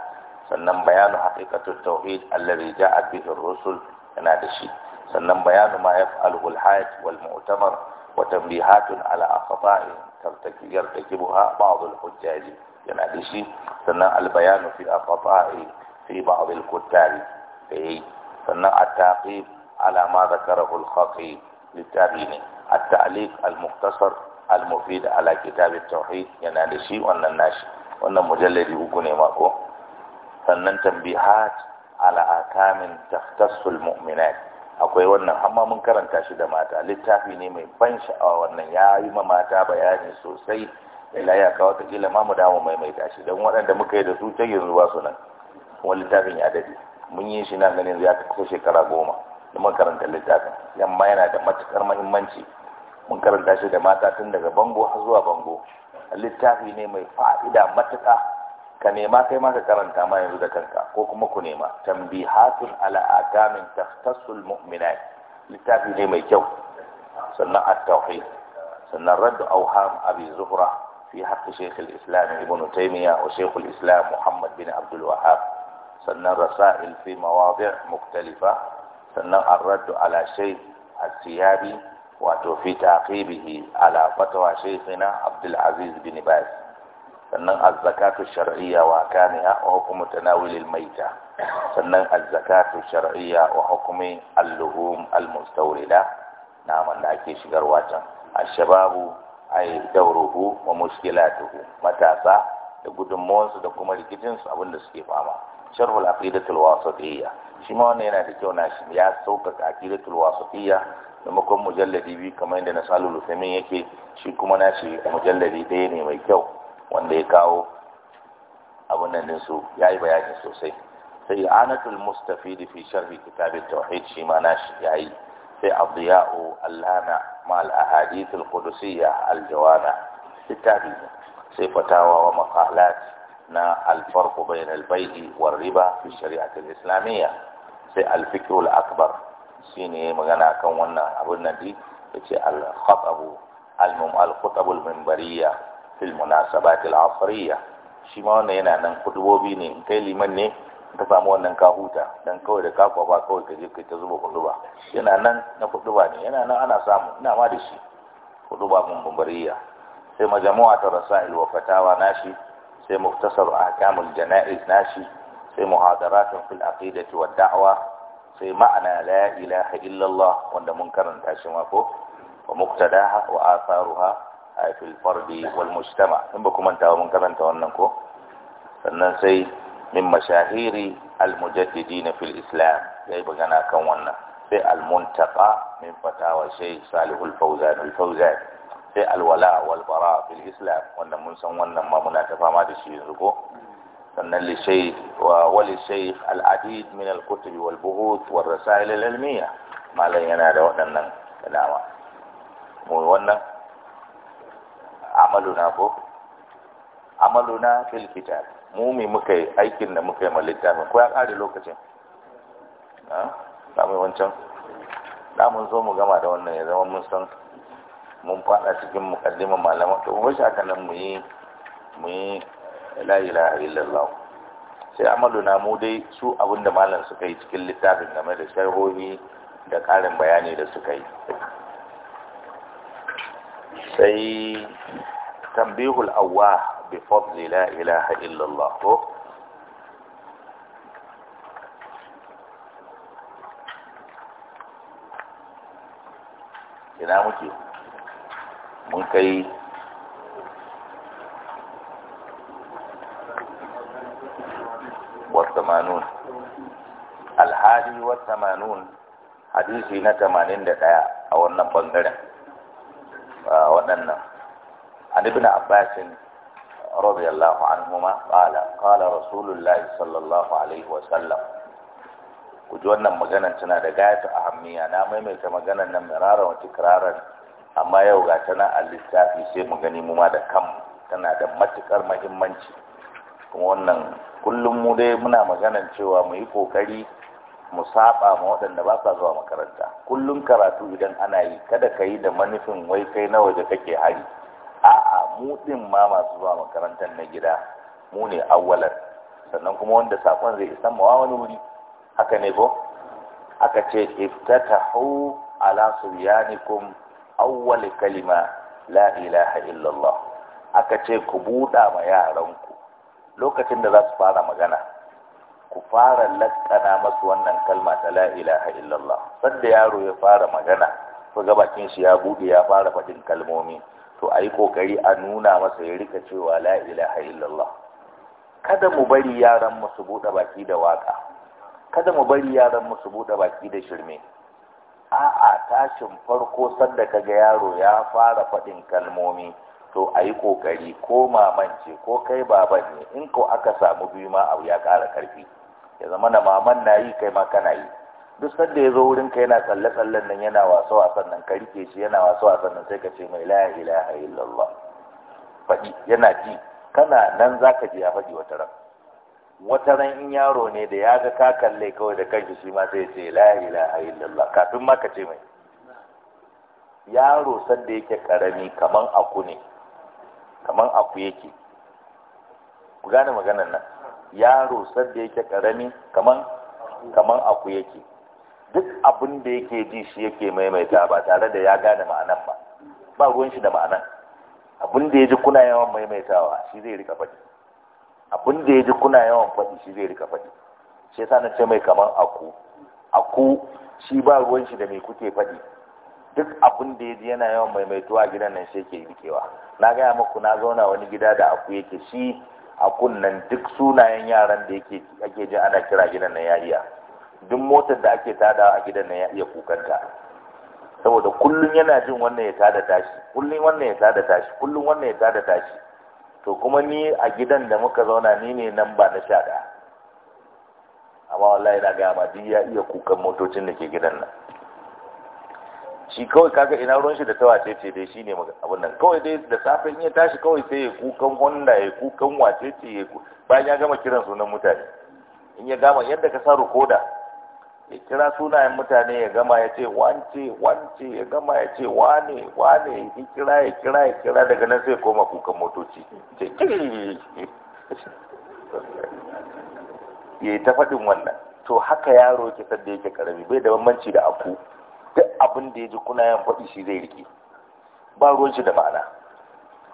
sannan bayanu haqiqatut tauhid alladhi ja'a bihi ar-rusul yana da shi sannan bayanu ma yaf'aluhu al-hayat wal mu'tamar wa tanbihatun ala akhta'i tartakibuha ba'd al-hujjaj yana da shi sannan al-bayanu fi akhta'i fi ba'd al-kuttari sannan at-taqib على ما ذكره littafi للتابعين التعليق المختصر المفيد على كتاب التوحيد ينال شيء وأن الناشي وأن مجلد يكون ماكو sannan tambihat ala akamin takhtassul mu'minat akwai wannan amma mun karanta shi da mata littafi ne mai ban sha'awa wannan ya yi ma mata bayani sosai ila ya kawo ta kila ma mu dawo maimaita shi don waɗanda muka yi da su ta yanzu ba su nan kuma littafin ya dade mun yi shi nan ganin ya kusa shekara goma da karanta littafin yamma yana da matukar mahimmanci mun karanta shi da mata tun daga bango har zuwa bango littafi ne mai fa'ida matuƙa ka nema kai ma ka karanta ma yanzu da kanka ko kuma ku nema tambihatun ala akamin taftasul mu'minat littafi ne mai kyau sannan at-tauhid sannan raddu awham abi zuhra fi haƙƙi shaykh al-islam ibn taimiya wa shaykh islam muhammad bin abdul wahhab sannan rasail fi mawadi' mukhtalifa sannan arraddu ala shay as wato fi taqibihi ala fatwa shaykhina Abdul Aziz bin Baz sannan az-zakatu shar'iyya wa kaniha wa hukmu tanawul al-mayta sannan az-zakatu shar'iyya wa hukmi al-luhum al-mustawrida naman da ake shigarwa can al-shababu ay dawruhu wa mushkilatuhu matasa da gudunmuwansu da kuma rikicinsu abinda suke fama شرح العقيدة الواسطية شمان نينا تكيونا شميا سوق العقيدة الواسطية نمكم مجلدي بي كما عندنا سالو لثمية كي شكما ناشي مجلدي ديني ويكو وانده كاو أبنى ننسو ياي بياي ننسو سي في عانة المستفيد في شرح كتاب التوحيد شما ناشي ياي في الضياء اللامع مع الأحاديث القدسية الجوانع كتابي سي فتاوى ومقالات na alfarku bayan albai'i war riba fi shari'atul islamiyya sai alfikirul akbar shi ne magana kan wannan abin nan di ya ce alkhatabu alkhutabul mimbariya fil munasabat al'asriya shi ma wannan yana nan kudubobi ne in kai liman ne ka samu wannan ka huta dan kawai da kakwa ba kawai ka je kai ta zuba kuduba yana nan na kuduba ne yana nan ana samu ina ma da shi kuduba mun mimbariya sai majamu'a ta rasail wa fatawa nashi sai muktasar ahkamul jana'iz nashi sai muhadaratun fil aqidati wa da'wa sai ma'ana la ilaha illallah wanda mun karanta shi mako wa muqtadaha wa atharuha fil fardi wal mujtama in ba kuma ta mun karanta wannan ko sannan sai min mashahiri al mujaddidin fil islam yayi magana kan wannan sai al muntaqa min fatawa shay salihul fawzan al fawzan sai alwala walbara fil islam wannan mun san wannan ma muna ta fama da shi yanzu ko sannan li shay wa wali shay al adid min al kutub wal buhuth wal rasail al ilmiya malan yana da waɗannan dama mu wannan amaluna ko amaluna fil kitab mu mi muka yi aikin da muka yi ma littafin ko ya ƙare lokacin ha za wancan da mun zo mu gama da wannan ya zama mun san mun fada cikin mukaddimar malama to ba shi aka nan mu yi mu yi la ilaha illallah sai amalu na mu dai su abinda malam suka yi cikin littafin game da sharhohi da karin bayani da suka yi sai tambihul awwa bi fadli la ilaha illallah ko ina muke mun kai والثمانون الحادي والثمانون حديثي نتمانين دقاء أو أن بنغرة وأن عن ابن عباس رضي الله عنهما قال قال رسول الله صلى الله عليه وسلم ku ji wannan maganan tana da gayatu ahammiya na maimaita maganan nan wa amma yau ga tana a littafi sai mu gani mu ma da kan tana da matukar mahimmanci kuma wannan kullum mu dai muna maganan cewa mu yi kokari mu saba ma waɗanda ba sa zuwa makaranta kullum karatu idan ana yi kada ka yi da manufin wai kai na waje kake hari a'a mu din ma masu zuwa makarantar na gida mu ne awwalar sannan kuma wanda sakon zai isa mu wani wuri haka ne ko aka ce iftatahu ala suryanikum awwal kalima la ilaha illallah aka ce ku buɗa ma yaranku lokacin da za su fara magana ku fara lakkana masu wannan kalma ta la ilaha illallah sanda yaro ya fara magana ku ga bakin shi ya buɗe ya fara faɗin kalmomi to a yi ƙoƙari a nuna masa ya rika cewa la ilaha illallah kada mu bari yaran mu su buɗe baki da waka kada mu bari yaran mu su buɗe baki da shirme a'a tashin farko sanda ga yaro ya fara faɗin kalmomi to ayi yi ƙoƙari ko maman ce ko kai baban ne in ko aka samu biyu ma abu ya ƙara ƙarfi ya zama na maman na yi kai ma kana yi duk sanda ya zo wurin ka yana tsalle-tsallen nan yana wasu wasan nan ka rike shi yana wasu wasan nan sai ka ce mai la ilaha illallah faɗi yana ji kana nan za ka je ya faɗi wata rana wata ran in yaro ne da ya ga ka kalle kawai da kanshi shi ma sai ce la ilaha illallah kafin ma ka ce mai yaro sanda yake karami kaman aku ne kaman aku yake ku gane maganar nan yaro sanda yake karami kaman kaman aku yake duk abin da yake ji shi yake maimaita ba tare da ya gane ma'anar ba ba ruwan shi da ma'anan abin da ya ji kuna yawan maimaitawa shi zai rika faɗi abin da ya ji kuna yawan faɗi shi zai rika faɗi shi yasa na ce mai kamar aku aku shi ba ruwan shi da mai kuke faɗi duk abin da ya ji yana yawan maimaituwa gidan nan shi yake rikewa na gaya maku na zauna wani gida da aku yake shi akun nan duk sunayen yaran da yake ake ji ana kira gidan nan ya iya duk motar da ake tada a gidan nan ya iya kukanta saboda kullum yana jin wannan ya tada tashi kullum wannan ya tada tashi kullum wannan ya tada tashi to kuma ni a gidan da muka zauna ni ne nan ba na sha ɗaya amma wallahi na gaya ma duk ya iya kukan motocin da ke gidan nan shi kawai kaga ina ruwan shi da tawace ce dai shine abin nan kawai dai da safe in ya tashi kawai sai ya kukan honda ya kukan wace ce ya bayan ya gama kiran sunan mutane in ya gama yadda ka sa rukoda ya kira sunayen mutane ya gama ya ce wance wance ya gama ya ce wane wane ya kira ya kira ya kira daga nan sai koma kukan motoci ce ya yi ta faɗin wannan to haka yaro ke sadda yake karami bai da bambanci da aku duk abin da ya ji kuna yan faɗi shi zai riƙe ba ruwan shi da ma'ana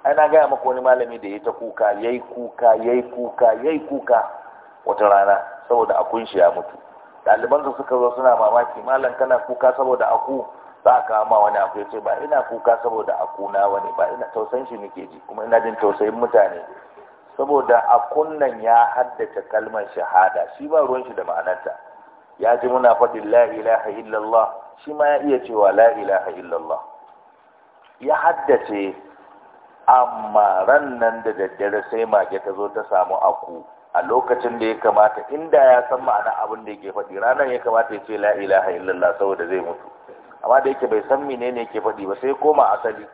ai na gaya maka wani malami da ya ta kuka yayi kuka yayi kuka yayi kuka wata rana saboda akun shi ya mutu ɗaliban su suka zo suna mamaki malam kana kuka saboda aku za ka ma wani abu ce. ba ina kuka saboda aku na wani ba ina tausayin shi nake ji kuma ina jin tausayin mutane saboda akun nan ya haddace kalmar shahada shi ba ruwan shi da ma'anarta ya ji muna faɗin la ilaha illallah shi ma ya iya cewa la ilaha illallah ya haddace amma ran nan da daddare sai mage ta zo ta samu aku a lokacin da ya kamata inda ya san ma'ana abin da yake faɗi ranar ya kamata ya ce la ilaha illallah saboda zai mutu amma da yake bai san menene yake faɗi ba sai koma asali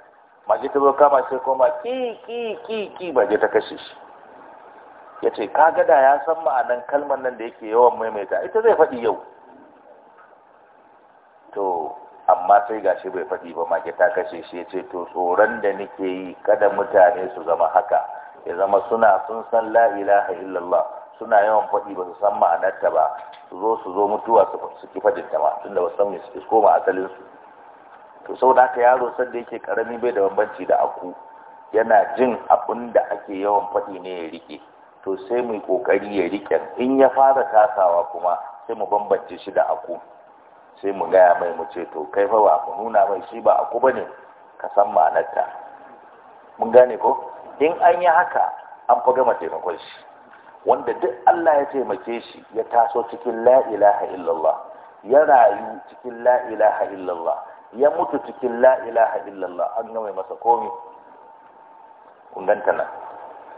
maje ta zo kama sai koma ki ki ki ki ta kashe shi ya ce kaga gada ya san ma'anan kalmar nan da yake yawan maimaita ita zai faɗi yau to amma sai gashi bai faɗi ba mage ta kashe shi ya ce to tsoron da nake yi kada mutane su zama haka ya zama suna sun san la ilaha illallah suna yawan faɗi ba su san ma'anarta ba su zo su zo mutuwa su ki faɗin ta ma tunda ba san su koma asalin su to saboda haka yaro sanda yake karami bai da bambanci da aku yana jin abin da ake yawan faɗi ne ya rike to sai mu kokari ya rike in ya fara tasawa kuma sai mu bambance shi da aku sai mu gaya mai mu ce to kai fa ba mu nuna mai shi ba aku bane ka san ma'anarta mun gane ko in an yi haka an fi gama taimakon shi wanda duk Allah ya taimake shi ya taso cikin la ilaha illallah ya rayu cikin la ilaha illallah ya mutu cikin la ilaha illallah an gama masa komi kun nan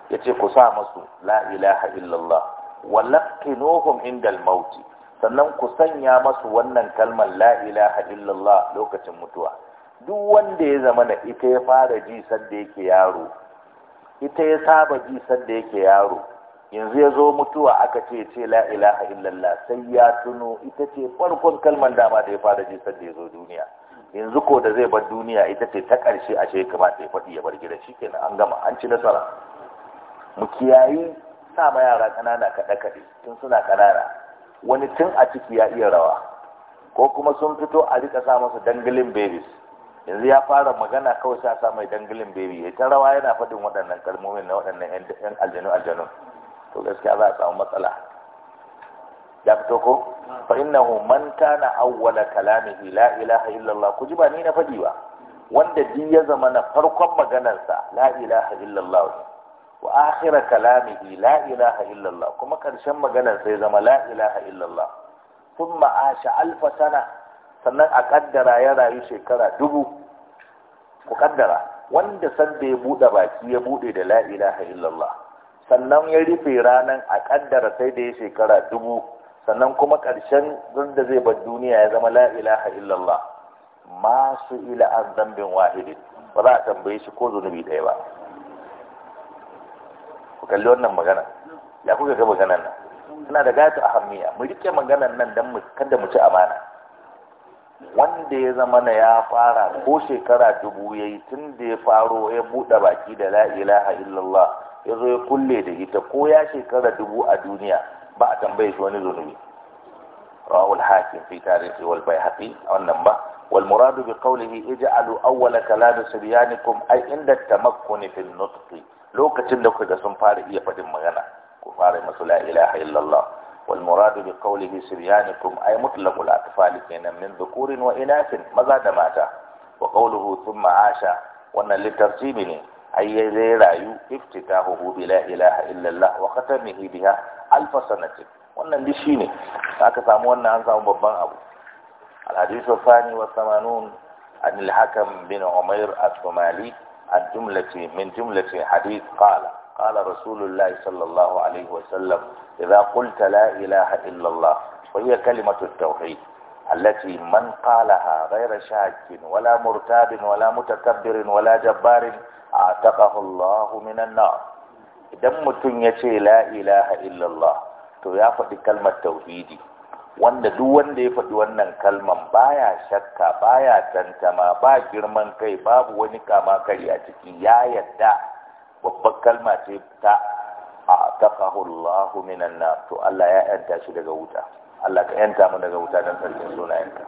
ya ce ku sa masu la ilaha illallah walaqinuhum indal mauti sannan ku sanya masu wannan kalmar la ilaha illallah lokacin mutuwa duk wanda ya zama na ita ya fara ji sanda yake yaro ita ya saba ji sanda yake yaro yanzu ya zo mutuwa aka ce ce la ilaha illallah sai ya tuno ita ce farkon kalmar dama da ya fara ji sanda ya zo duniya yanzu ko da zai bar duniya ita ce ta ƙarshe a ce kama ta faɗi ya bar gida shikenan an gama an ci nasara mu kiyayi sa ma yara ƙanana kaɗe-kaɗe tun suna ƙanana wani tun a ciki ya iya rawa ko kuma sun fito a rika sa masu dangalin babies yanzu ya fara magana kawai sai a sa mai dangalin baby ya ta rawa yana faɗin waɗannan kalmomin na waɗannan ƴan aljanu aljanu to gaskiya za a samu matsala ya fito ko fa innahu man kana awwala kalamihi la ilaha illallah ku ji ba ni na faɗi ba wanda duk ya zama na farkon maganarsa la ilaha illallah wa akhira kalamihi la ilaha illallah kuma karshen maganarsa ya zama la ilaha illallah thumma asha alfa sana sannan a kaddara ya rayu shekara dubu ku kaddara wanda sanda ya bude baki ya bude da la ilaha illallah sannan ya rufe ranan a kaddara sai da ya shekara dubu sannan kuma ƙarshen da zai bar duniya ya zama la ilaha illallah ma su ila an zambin wahidi ba za a tambaye shi ko zunubi ɗaya ba ku kalli wannan magana ya kuka ga maganan nan suna da gata a hamiya mu rike maganan nan don kada mu ci amana wanda ya zama na ya fara ko shekara dubu ya yi tun da ya faro ya buɗe baki da la ilaha illallah ya zo ya kulle da ita ko ya shekara dubu a duniya ba a tambaye shi wani zunubi rawul hakim fi tarihi wal bayhaqi wannan ba wal muradu bi qawlihi ij'alu awwala kalam subyanikum ay inda tamakkun fil nutqi lokacin da kuka sun fara iya fadin magana ku fara masu la ilaha illallah والمراد بقوله سبيانكم أي مطلق الأطفال كان من ذكور وإناث مزاد دمات وقوله ثم عاش وأن لترتيبني أي ذي رأيو افتتاهه بلا إله إلا الله وختمه بها ألف سنة وأن لشيني أكثر أموان أنزع مبان أبو الحديث الثاني والثمانون عن الحكم بن عمير الصومالي الجملة من جملة حديث قال قال رسول الله صلى الله عليه وسلم إذا قلت لا إله إلا الله وهي كلمة التوحيد التي من قالها غير شاك ولا مرتاب ولا متكبر ولا جبار اعتقه الله من النار idan mutum ya ce la ilaha illallah to ya faɗi kalmar tauhidi wanda duk wanda ya faɗi wannan kalman baya shakka baya tantama ba girman kai babu wani kama kari a ciki ya yadda babbar kalma ce ta a taqahu minan nar to Allah ya yanta shi daga wuta Allah ka yanta mu daga wuta dan sarkin sunayenka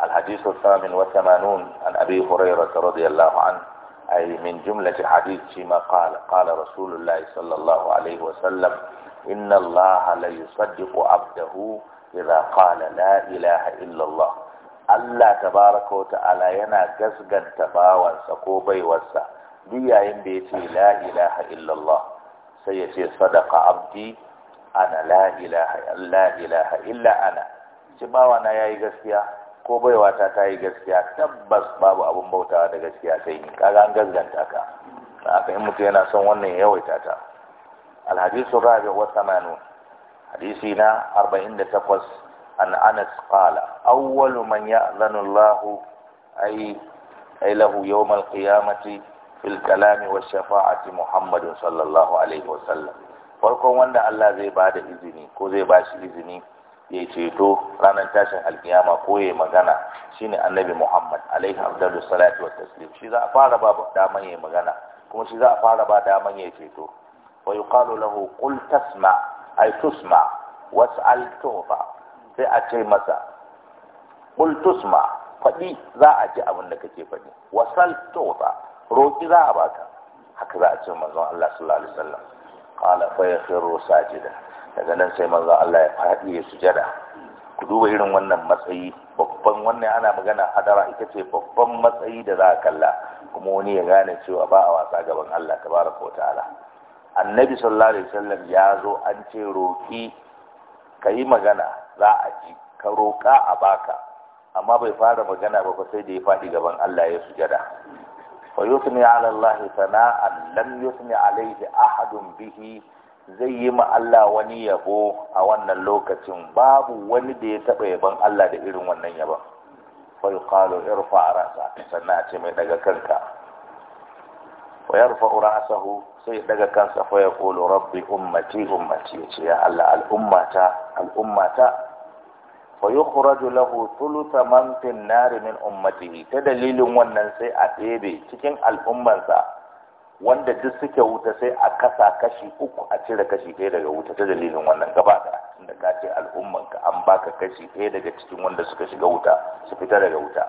الحديث الثامن والثمانون عن أبي هريرة رضي الله عنه أي من جملة حديث فيما قال قال رسول الله صلى الله عليه وسلم إن الله ليصدق عبده إذا قال لا إله إلا الله Allah tabaraka wa ta'ala yana gasganta bawansa ko baiwarsa duk yayin da ya ce la ilaha illallah sai ya ce sadaka abdi ana la ilaha ilaha illa ana ci bawa na yayi gaskiya ko baiwa ta ta yi gaskiya tabbas babu abun bautawa da gaskiya sai ni kaga an gazganta ka haka in mutum yana son wannan yawaita ta alhadisu rabi wa samanu hadisi na 48 an anas qala awwalu man ya'zanu Allahu ay ay lahu yawm al-qiyamati fil kalami wa shafa'ati Muhammadin sallallahu alaihi wasallam farkon wanda Allah zai ba da izini ko zai ba shi izini ya ceto ranar tashin alkiyama ko ya magana shine annabi Muhammad alaihi afdalus salatu wa taslim shi za a fara ba daman ya magana kuma shi za a fara ba daman ya ceto wa yuqalu lahu qul tasma ay tusma was'al tufa sai a ce masa qul tusma faɗi za a ji abin da kake faɗi wasal tufa roki za a baka haka za a ce manzon Allah sallallahu alaihi wasallam qala fa yakhiru sajida daga nan sai manzon Allah ya fadi ya sujada ku duba irin wannan matsayi babban wannan ana magana hadara ita ce babban matsayi da za a kalla kuma wani ya gane cewa ba a wasa gaban Allah tabaraka wa ta'ala annabi sallallahu alaihi wasallam ya zo an ce roki kayi magana za a ji ka roka a baka amma bai fara magana ba sai da ya fadi gaban Allah ya sujada wa على الله ثناء sana'an يثني عليه alaihi ahadun bihi zai yi ma Allah wani yabo a wannan lokacin babu wani da ya taɓa yabon Allah da irin wannan yabon fai kalo irfa rasa sannan a ce mai daga kanka wa yarfa ra'sahu sai daga kansa fa ya kolo rabbi ummati ummati ya ce ya Allah al'ummata al'ummata fa yukhraju lahu thulutha man fi nar min ta dalilin wannan sai a ɗebe cikin al'ummansa wanda duk suke wuta sai a kasa kashi uku a cire kashi ɗaya daga wuta ta dalilin wannan gaba da inda ka ce al'ummanka an baka kashi ɗaya daga cikin wanda suka shiga wuta su fita daga wuta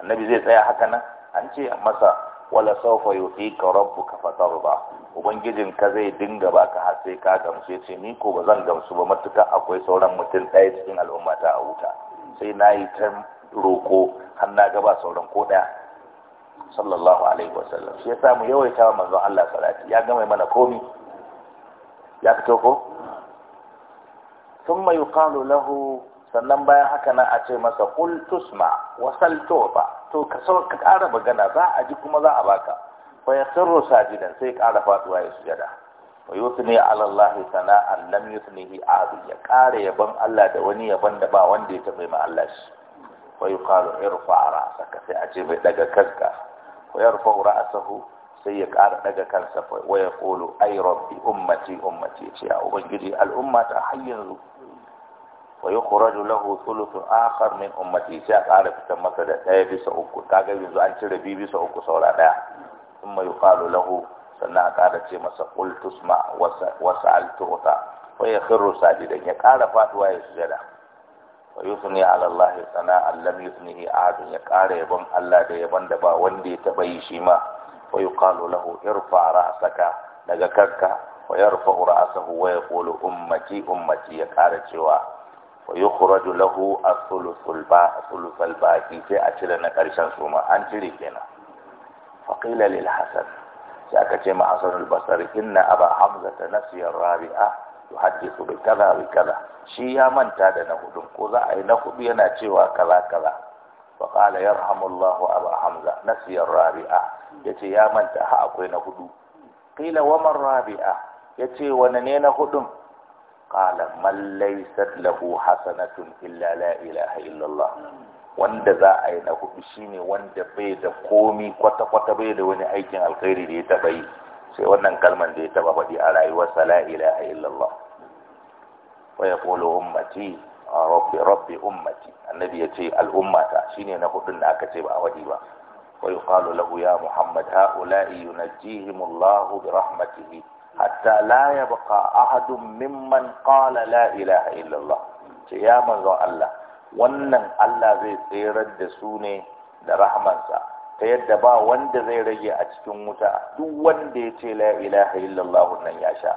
annabi zai tsaya haka nan an ce masa wala sawfa yutika rabbuka fatarda ubangijin ka zai dinga baka har sai ka gamsu ce ni ko bazan gamsu ba matuka akwai sauran mutum ɗaya cikin al'umma ta a wuta sai na yi ta roko har gaba sauran ko ɗaya sallallahu alaihi wasallam shi Ya mu yawaita wa manzon Allah salati ya gama mana komi ya fito ko ثم يقال له sannan bayan haka na a ce masa kul tusma wasal ba, to ka sau ka ƙara magana za a ji kuma za a baka fa yasirru sajidan sai ƙara faɗuwa ya sujada wa yusni ala Allah sana'an lam yusnihi adu ya ƙara yaban Allah da wani yaban da ba wanda ya taɓa ma Allah shi wa yuqalu irfa ra'saka sai a ce bai daga kanka wa yarfa ra'sahu sai ya ƙara daga kansa wa yaqulu ay rabbi ummati ummati ce ya ubangiji al'umma ta har yanzu wa yukhraju lahu thuluthu akhar min ummati sai a kara fita masa da ɗaya bisa uku kaga yanzu an cire biyu bisa uku saura ɗaya thumma yuqalu lahu sannan a ƙara ce masa qul tusma wa sa'al tu'ta fa yakhiru ya kara faduwa ya sujada wa yuthni ala Allah sana'an lam yuthnihi ahadun ya kara yabon Allah da yabon da ba wanda ya taba yi shi ma wa yuqalu lahu a saka daga karka wa yarfa ra'sahu wa yaqulu ummati ummati ya kara cewa wa yukhraju lahu as-sulusul ba sulusul baqi sai a cire na ƙarshen suma an cire kenan fa qila lil hasan sai aka ce ma hasan al-basri inna aba hamza nasiya rabi'a yuhaddithu bi kaza bi kaza shi ya manta da na hudun ko za a yi na hudu yana cewa kaza yarhamullahu aba hamza nasiya rabi'a yace ya manta ha akwai na rabi'a yace wani ne na hudun qala man laysat lahu hasanatun illa la ilaha illa Allah wanda za a yi na hudu shine wanda bai da komi kwata-kwata bai da wani aikin alkhairi da ya taba yi sai wannan kalman da ya taba faɗi a sa la ilaha illallah wa yaqulu ummati rabbi rabbi ummati annabi ya ce al'ummata shine na hudun da aka ce ba a wadi ba wa yuqalu lahu ya muhammad haula'i yunajjihimullahu bi rahmatihi hatta la yabqa ahadun mimman qala la ilaha illallah ce ya manzon Allah wannan Allah zai tserar da su ne da rahmansa ta yadda ba wanda zai rage a cikin wuta duk wanda ya ce la ilaha illallah nan ya sha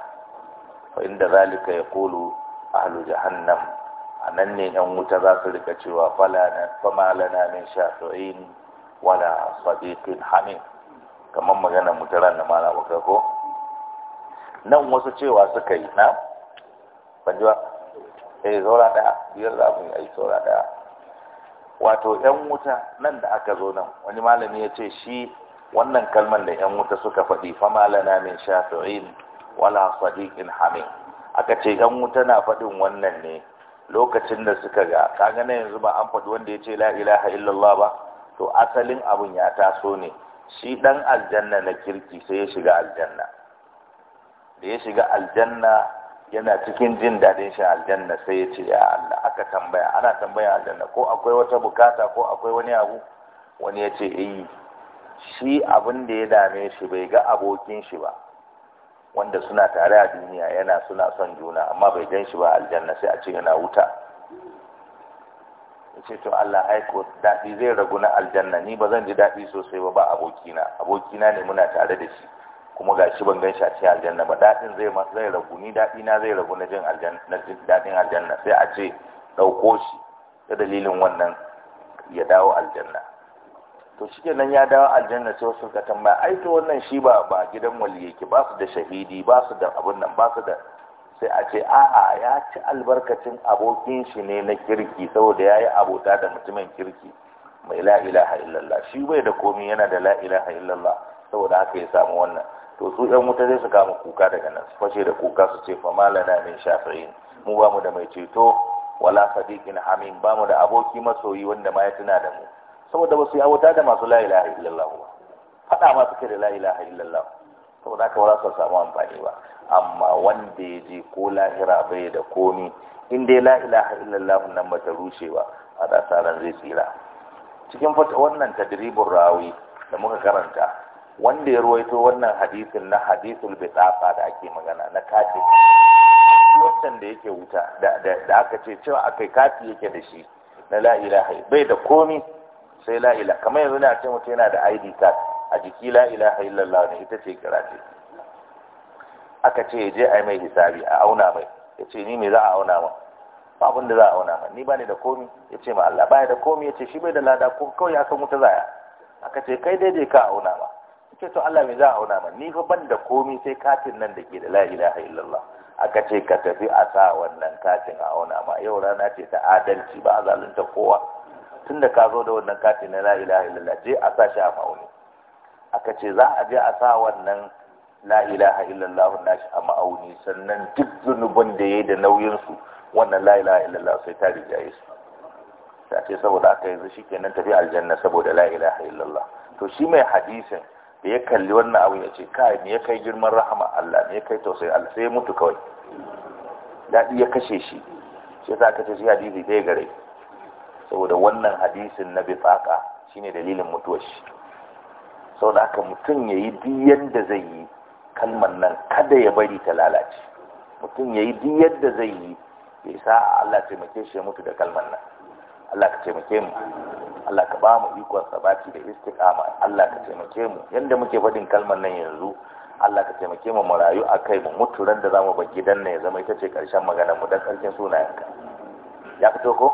fa inda zalika yaqulu ahlu jahannam anan ne yan wuta za su rika cewa fala na fama lana min shafi'in wala sadiqin hamid kamar magana mutaran da mala ko nan wasu cewa suka yi na banjuwa yi eh, zaura daya biyar za mu yi yi zaura daya wato yan wuta nan da aka zo nan wani malami ya ce shi wannan kalmar da yan wuta suka faɗi fa malana min shafi'in wala sadiqin hamin aka ce yan wuta na faɗin wannan ne lokacin da suka ga kaga na yanzu ba an faɗi wanda ya ce la ilaha illallah ba to asalin abun ya taso ne shi ɗan aljanna na kirki sai ya shiga aljanna da ya shiga aljanna yana cikin jin daɗin shi aljanna sai ya ce ya Allah aka tambaya ana tambaya aljanna ko akwai wata bukata ko akwai wani abu wani ya ce eh shi abin da ya dame shi bai ga abokin shi ba wanda suna tare a duniya yana suna son juna amma bai gan shi ba aljanna sai a ce yana wuta ce to Allah aiko daɗi zai ragu na aljanna ni ba zan ji daɗi sosai ba ba abokina abokina ne muna tare da shi kuma ga shi ban ganshi a cikin aljanna ba daɗin zai ma zai ragu ni daɗi na zai ragu na jin aljanna na daɗin aljanna sai a ce ɗauko shi da dalilin wannan ya dawo aljanna to shi kenan ya dawo aljanna sai wasu ka tambaya ai to wannan shi ba ba gidan wali yake ba su da shahidi ba su da abun nan ba su da sai a ce a'a ya ci albarkacin abokin shi ne na kirki saboda ya yi abota da mutumin kirki mai la ilaha illallah shi bai da komi yana da la ilaha illallah saboda haka ya samu wannan to su ɗan wuta zai su kama kuka daga nan su fashe da kuka su ce fa malana min shafi'in mu ba mu da mai ceto wala sadiqin hamim ba mu da aboki masoyi wanda ma ya tuna da mu saboda ba su yi wuta da masu la ilaha illallah ba faɗa ma suke da la ilaha illallah saboda haka ba za su samu amfani ba amma wanda ya je ko lahira bai da komi in dai la ilaha illallah nan ba ta rushe ba a da zai tsira cikin wannan tadribin rawi da muka karanta wanda ya ruwaito wannan hadisin na hadisul bitsafa da ake magana na kati wancan da yake wuta da aka ce cewa akai kati yake da shi na la ilaha bai da komi sai la ilaha kamar yanzu ne a ce mutum yana da ID card a jiki la ilaha illallah ne ita ce kira ce aka ce ya je a yi mai hisabi a auna mai ya ce ni me za a auna ma ba abin da za a auna ma ni ba da komi ya ce ma Allah ba da komi ya ce shi bai da lada ko kawai akan wuta zaya aka ce kai daidai ka auna ma ce to Allah me za a auna man ni fa ban da komi sai katin nan da ke da la ilaha illallah aka ce ka tafi a sa wannan katin a auna ma yau rana ce ta adalci ba a zalunta kowa tun da ka zo da wannan katin na la ilaha illallah je a sa shi a ma'auni aka ce za a je a sa wannan la ilaha illallah nashi a ma'auni sannan duk zunubin da ya yi da nauyinsu wannan la ilaha illallah sai ta rija yi su ta ce saboda aka yanzu shi kenan tafi aljanna saboda la ilaha illallah to shi mai hadisin da ya kalli wannan abu ya ce kai ne ya kai girman rahama Allah ne ya kai tausayin Allah sai ya mutu kawai daɗi ya kashe shi shi yasa aka ce shi hadisi ɗaya gare saboda wannan hadisin na bifaka shine dalilin mutuwar shi saboda haka mutum ya yi diyan yadda zai yi kalman nan kada ya bari ta lalace mutum ya yi diyan yadda zai yi ya sa Allah taimake shi ya mutu da kalman nan Allah ka taimake mu Allah ka ba mu ikon sabati da istiqama Allah ka taimake mu yanda muke faɗin kalmar nan yanzu Allah ka taimake mu marayu a kai mu muturan da zamu bar gidan nan ya zama ita ce ƙarshen maganar mu dan karshen sunayenka ya fito ko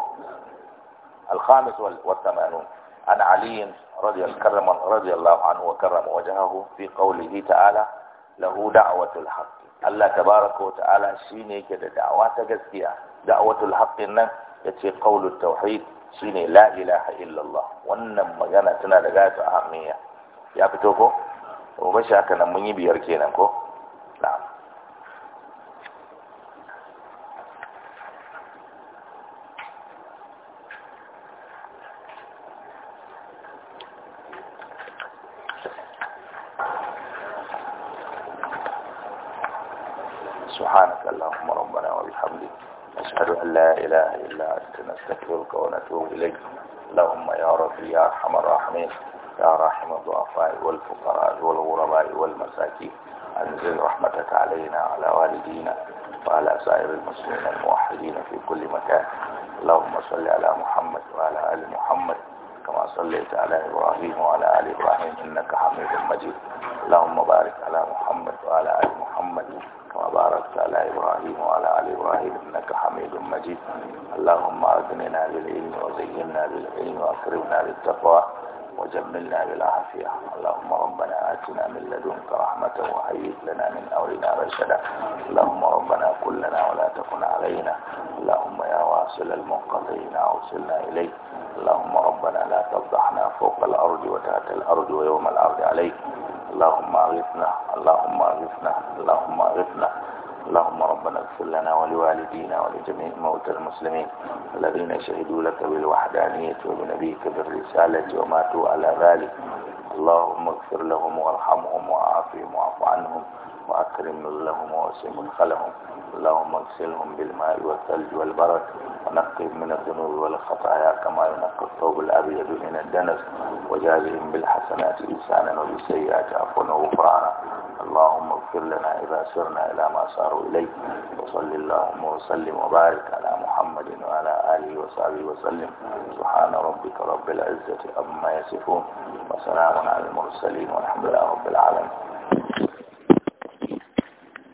الخامس والثمانون عن علي رضي الله رضي الله عنه وكرم وجهه في قوله تعالى له دعوة الحق الله تبارك وتعالى شيني كده دعوة تجسيا دعوة الحق النم يتي قول التوحيد shine la ilaha illallah wannan magana tana da gata ahammiya ya fito ko to ba shi haka nan mun yi biyar kenan ko na'am سبحانك اللهم ربنا وبحمدك نشهد أن لا إله إلا أنت نستغفرك ونتوب إليك اللهم يا ربي يا أرحم الراحمين يا رحم الضعفاء والفقراء والغرباء والمساكين أنزل رحمتك علينا على والدينا وعلى سائر المسلمين الموحدين في كل مكان اللهم صل على محمد وعلى آل محمد كما صليت على إبراهيم وعلى آل إبراهيم إنك حميد مجيد اللهم بارك على محمد وعلى آل محمد وباركت على إبراهيم وعلى آل إبراهيم إنك حميد مجيد اللهم أغننا بالعلم وزينا بالعلم وأكرمنا بالتقوى وجملنا بالعافية اللهم ربنا آتنا من لدنك رحمة وهيئ لنا من أمرنا رشدا اللهم ربنا كن لنا ولا تكن علينا اللهم يا واصل المنقطعين أوصلنا إليك اللهم ربنا لا تفضحنا فوق الأرض وتحت الأرض ويوم الأرض عليك اللهم اغثنا اللهم اغثنا اللهم اغثنا اللهم ربنا اغفر لنا ولوالدينا ولجميع موتى المسلمين الذين شهدوا لك بالوحدانية وبنبيك بالرسالة وماتوا على ذلك اللهم اغفر لهم وارحمهم وعافهم واعف عنهم وأكرم لهم ووسع مدخلهم اللهم اغسلهم بالماء والثلج والبرد نقي من الذنوب والخطايا كما ينقى الثوب الأبيض من الدنس وجازهم بالحسنات إنسانا وبالسيئات عفوا وغفرانا اللهم اغفر لنا إذا سرنا إلى ما ساروا إليه وصل اللهم وسلم وبارك على محمد وعلى آله وصحبه وسلم سبحان ربك رب العزة عما يصفون وسلام على المرسلين والحمد لله رب العالمين